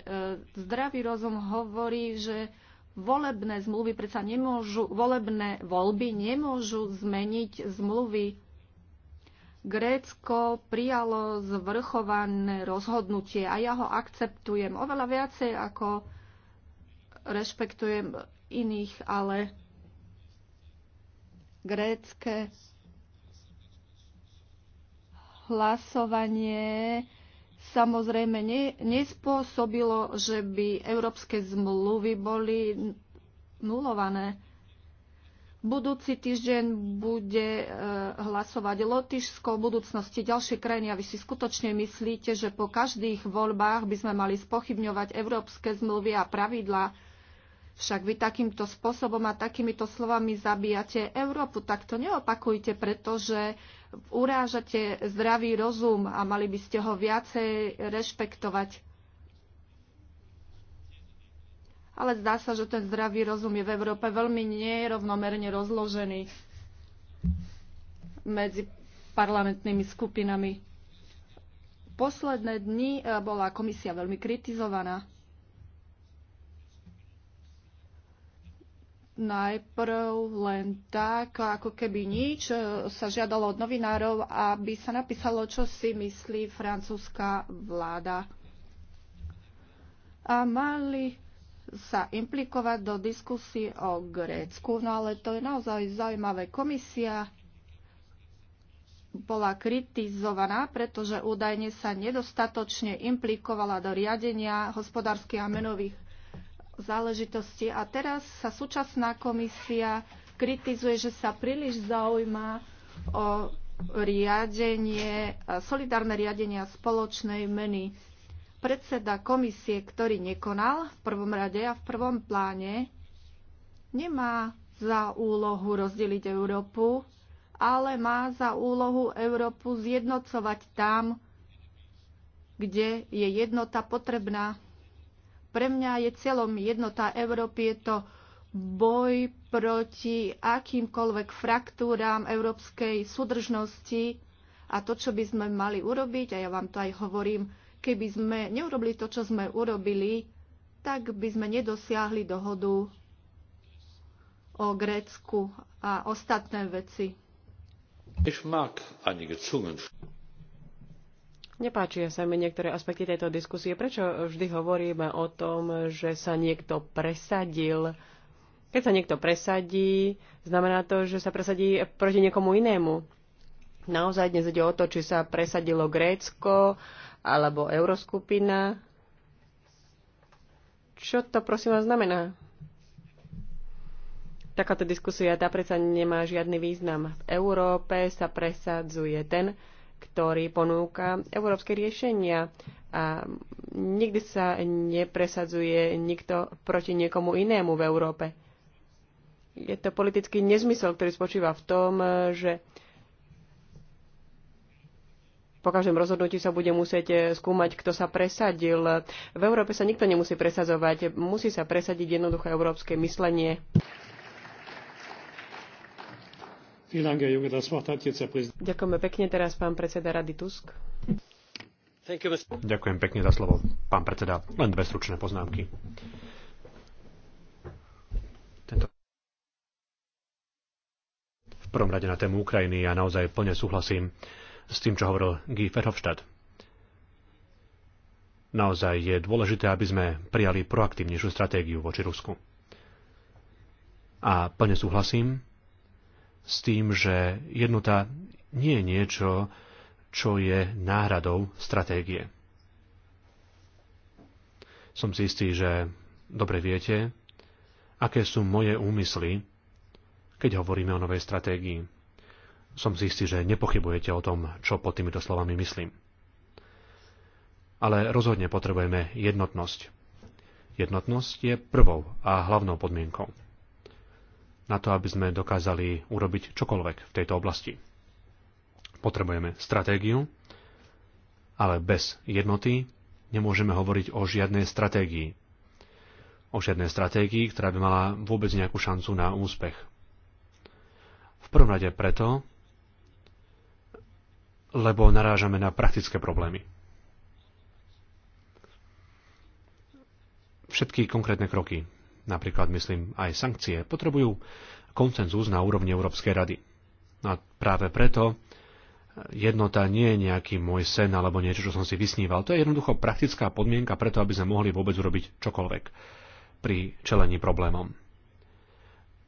zdravý rozum hovorí, že volebné zmluvy predsa nemôžu, volebné voľby nemôžu zmeniť zmluvy. Grécko prijalo zvrchované rozhodnutie a ja ho akceptujem oveľa viacej ako rešpektujem iných, ale grécké hlasovanie samozrejme ne, nespôsobilo, že by európske zmluvy boli nulované. Budúci týždeň bude e, hlasovať Lotyšsko o budúcnosti ďalšie krajiny. A vy si skutočne myslíte, že po každých voľbách by sme mali spochybňovať európske zmluvy a pravidlá, však vy takýmto spôsobom a takýmito slovami zabíjate Európu, tak to neopakujte, pretože urážate zdravý rozum a mali by ste ho viacej rešpektovať. Ale zdá sa, že ten zdravý rozum je v Európe veľmi nerovnomerne rozložený medzi parlamentnými skupinami. Posledné dni eh, bola komisia veľmi kritizovaná najprv len tak, ako keby nič, e, sa žiadalo od novinárov, aby sa napísalo, čo si myslí francúzska vláda. A mali sa implikovať do diskusí o Grécku, no ale to je naozaj zaujímavé. Komisia bola kritizovaná, pretože údajne sa nedostatočne implikovala do riadenia hospodárskych a menových záležitosti. A teraz sa súčasná komisia kritizuje, že sa príliš zaujíma o riadenie, solidárne riadenie spoločnej meny. Predseda komisie, ktorý nekonal v prvom rade a v prvom pláne, nemá za úlohu rozdeliť Európu, ale má za úlohu Európu zjednocovať tam, kde je jednota potrebná. Pre mňa je celom jednota Európy, je to boj proti akýmkoľvek fraktúram európskej súdržnosti a to, čo by sme mali urobiť, a ja vám to aj hovorím, keby sme neurobili to, čo sme urobili, tak by sme nedosiahli dohodu o Grécku a ostatné veci. Ich mag einige Nepáčia sa mi niektoré aspekty tejto diskusie. Prečo vždy hovoríme o tom, že sa niekto presadil? Keď sa niekto presadí, znamená to, že sa presadí proti niekomu inému. Naozaj dnes ide o to, či sa presadilo Grécko alebo Euroskupina. Čo to prosím vás znamená? Takáto diskusia tá predsa nemá žiadny význam. V Európe sa presadzuje ten, ktorý ponúka európske riešenia a nikdy sa nepresadzuje nikto proti niekomu inému v Európe. Je to politický nezmysel, ktorý spočíva v tom, že po každom rozhodnutí sa bude musieť skúmať, kto sa presadil. V Európe sa nikto nemusí presadzovať, musí sa presadiť jednoduché európske myslenie. Ďakujeme pekne teraz pán predseda Rady Tusk. Ďakujem pekne za slovo, pán predseda. Len dve stručné poznámky. Tento... V prvom rade na tému Ukrajiny ja naozaj plne súhlasím s tým, čo hovoril Guy Verhofstadt. Naozaj je dôležité, aby sme prijali proaktívnejšiu stratégiu voči Rusku. A plne súhlasím s tým, že jednota nie je niečo, čo je náhradou stratégie. Som si istý, že dobre viete, aké sú moje úmysly, keď hovoríme o novej stratégii. Som si istý, že nepochybujete o tom, čo pod týmito slovami myslím. Ale rozhodne potrebujeme jednotnosť. Jednotnosť je prvou a hlavnou podmienkou na to, aby sme dokázali urobiť čokoľvek v tejto oblasti. Potrebujeme stratégiu, ale bez jednoty nemôžeme hovoriť o žiadnej stratégii. O žiadnej stratégii, ktorá by mala vôbec nejakú šancu na úspech. V prvom rade preto, lebo narážame na praktické problémy. Všetky konkrétne kroky, napríklad myslím aj sankcie, potrebujú koncenzus na úrovni Európskej rady. No a práve preto e, jednota nie je nejaký môj sen alebo niečo, čo som si vysníval. To je jednoducho praktická podmienka preto, aby sme mohli vôbec urobiť čokoľvek pri čelení problémom.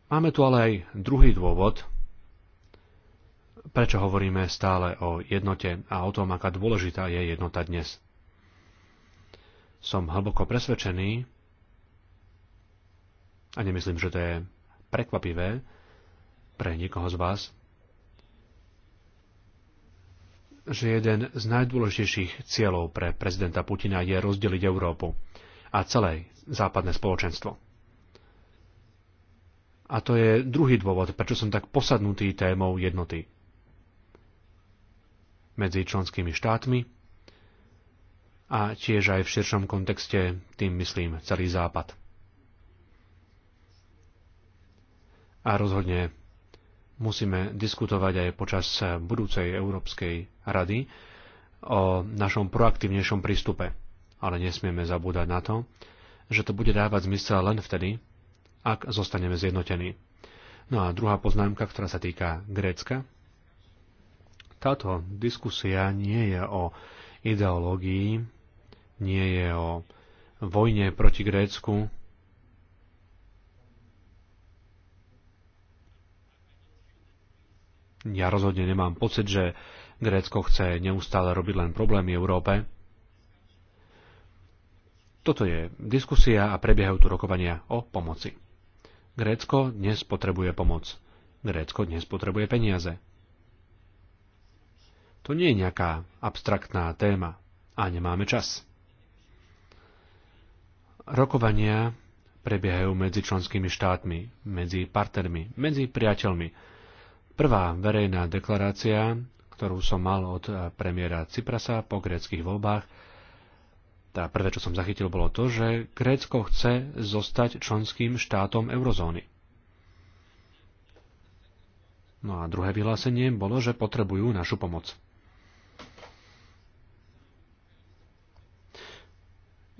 Máme tu ale aj druhý dôvod, prečo hovoríme stále o jednote a o tom, aká dôležitá je jednota dnes. Som hlboko presvedčený, a nemyslím, že to je prekvapivé pre niekoho z vás, že jeden z najdôležitejších cieľov pre prezidenta Putina je rozdeliť Európu a celé západné spoločenstvo. A to je druhý dôvod, prečo som tak posadnutý témou jednoty medzi členskými štátmi a tiež aj v širšom kontexte, tým myslím celý západ. a rozhodne musíme diskutovať aj počas budúcej Európskej rady o našom proaktívnejšom prístupe. Ale nesmieme zabúdať na to, že to bude dávať zmysel len vtedy, ak zostaneme zjednotení. No a druhá poznámka, ktorá sa týka Grécka. Táto diskusia nie je o ideológii, nie je o vojne proti Grécku, ja rozhodne nemám pocit, že Grécko chce neustále robiť len problémy Európe. Toto je diskusia a prebiehajú tu rokovania o pomoci. Grécko dnes potrebuje pomoc. Grécko dnes potrebuje peniaze. To nie je nejaká abstraktná téma a nemáme čas. Rokovania prebiehajú medzi členskými štátmi, medzi partnermi, medzi priateľmi, Prvá verejná deklarácia, ktorú som mal od eh, premiéra Ciprasa po gréckých voľbách, tá prvé, čo som zachytil, bolo to, že Grécko chce zostať členským štátom eurozóny. No a druhé vyhlásenie bolo, že potrebujú našu pomoc.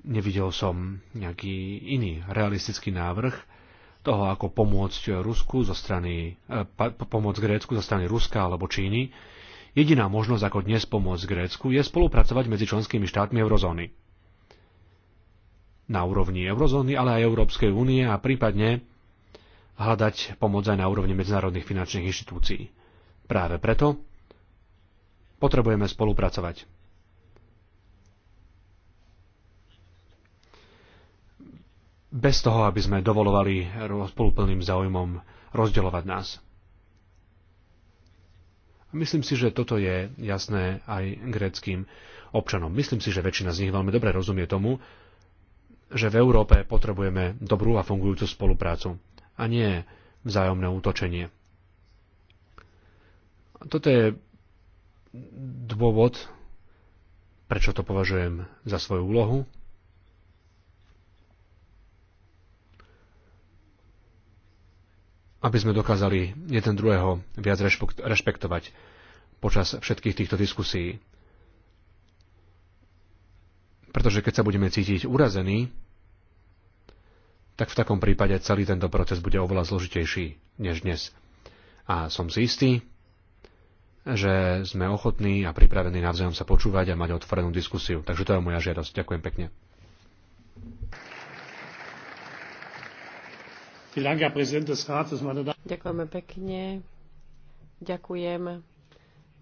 Nevidel som nejaký iný realistický návrh, toho, ako pomôcť Rusku zo strany, eh, pomôcť Grécku zo strany Ruska alebo Číny, jediná možnosť, ako dnes pomôcť Grécku, je spolupracovať medzi členskými štátmi eurozóny. Na úrovni eurozóny, ale aj Európskej únie a prípadne hľadať pomoc aj na úrovni medzinárodných finančných inštitúcií. Práve preto potrebujeme spolupracovať. bez toho, aby sme dovolovali spoluplným záujmom rozdeľovať nás. Myslím si, že toto je jasné aj gréckým občanom. Myslím si, že väčšina z nich veľmi dobre rozumie tomu, že v Európe potrebujeme dobrú a fungujúcu spoluprácu a nie vzájomné útočenie. Toto je dôvod, prečo to považujem za svoju úlohu aby sme dokázali jeden druhého viac rešpektovať počas všetkých týchto diskusí. Pretože keď sa budeme cítiť urazení, tak v takom prípade celý tento proces bude oveľa zložitejší než dnes. A som si istý, že sme ochotní a pripravení navzájom sa počúvať a mať otvorenú diskusiu. Takže to je moja žiadosť. Ďakujem pekne. Ďakujeme pekne. Ďakujem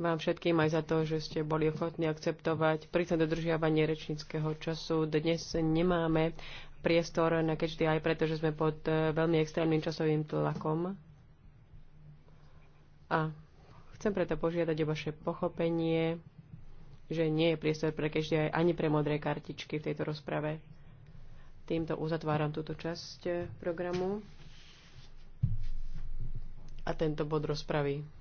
vám všetkým aj za to, že ste boli ochotní akceptovať prísne dodržiavanie rečníckého času. Dnes nemáme priestor na kečty aj preto, že sme pod eh, veľmi extrémnym časovým tlakom. A chcem preto požiadať o vaše pochopenie, že nie je priestor pre kečty aj ani pre modré kartičky v tejto rozprave. Týmto uzatváram túto časť eh, programu a tento bod rozpravy.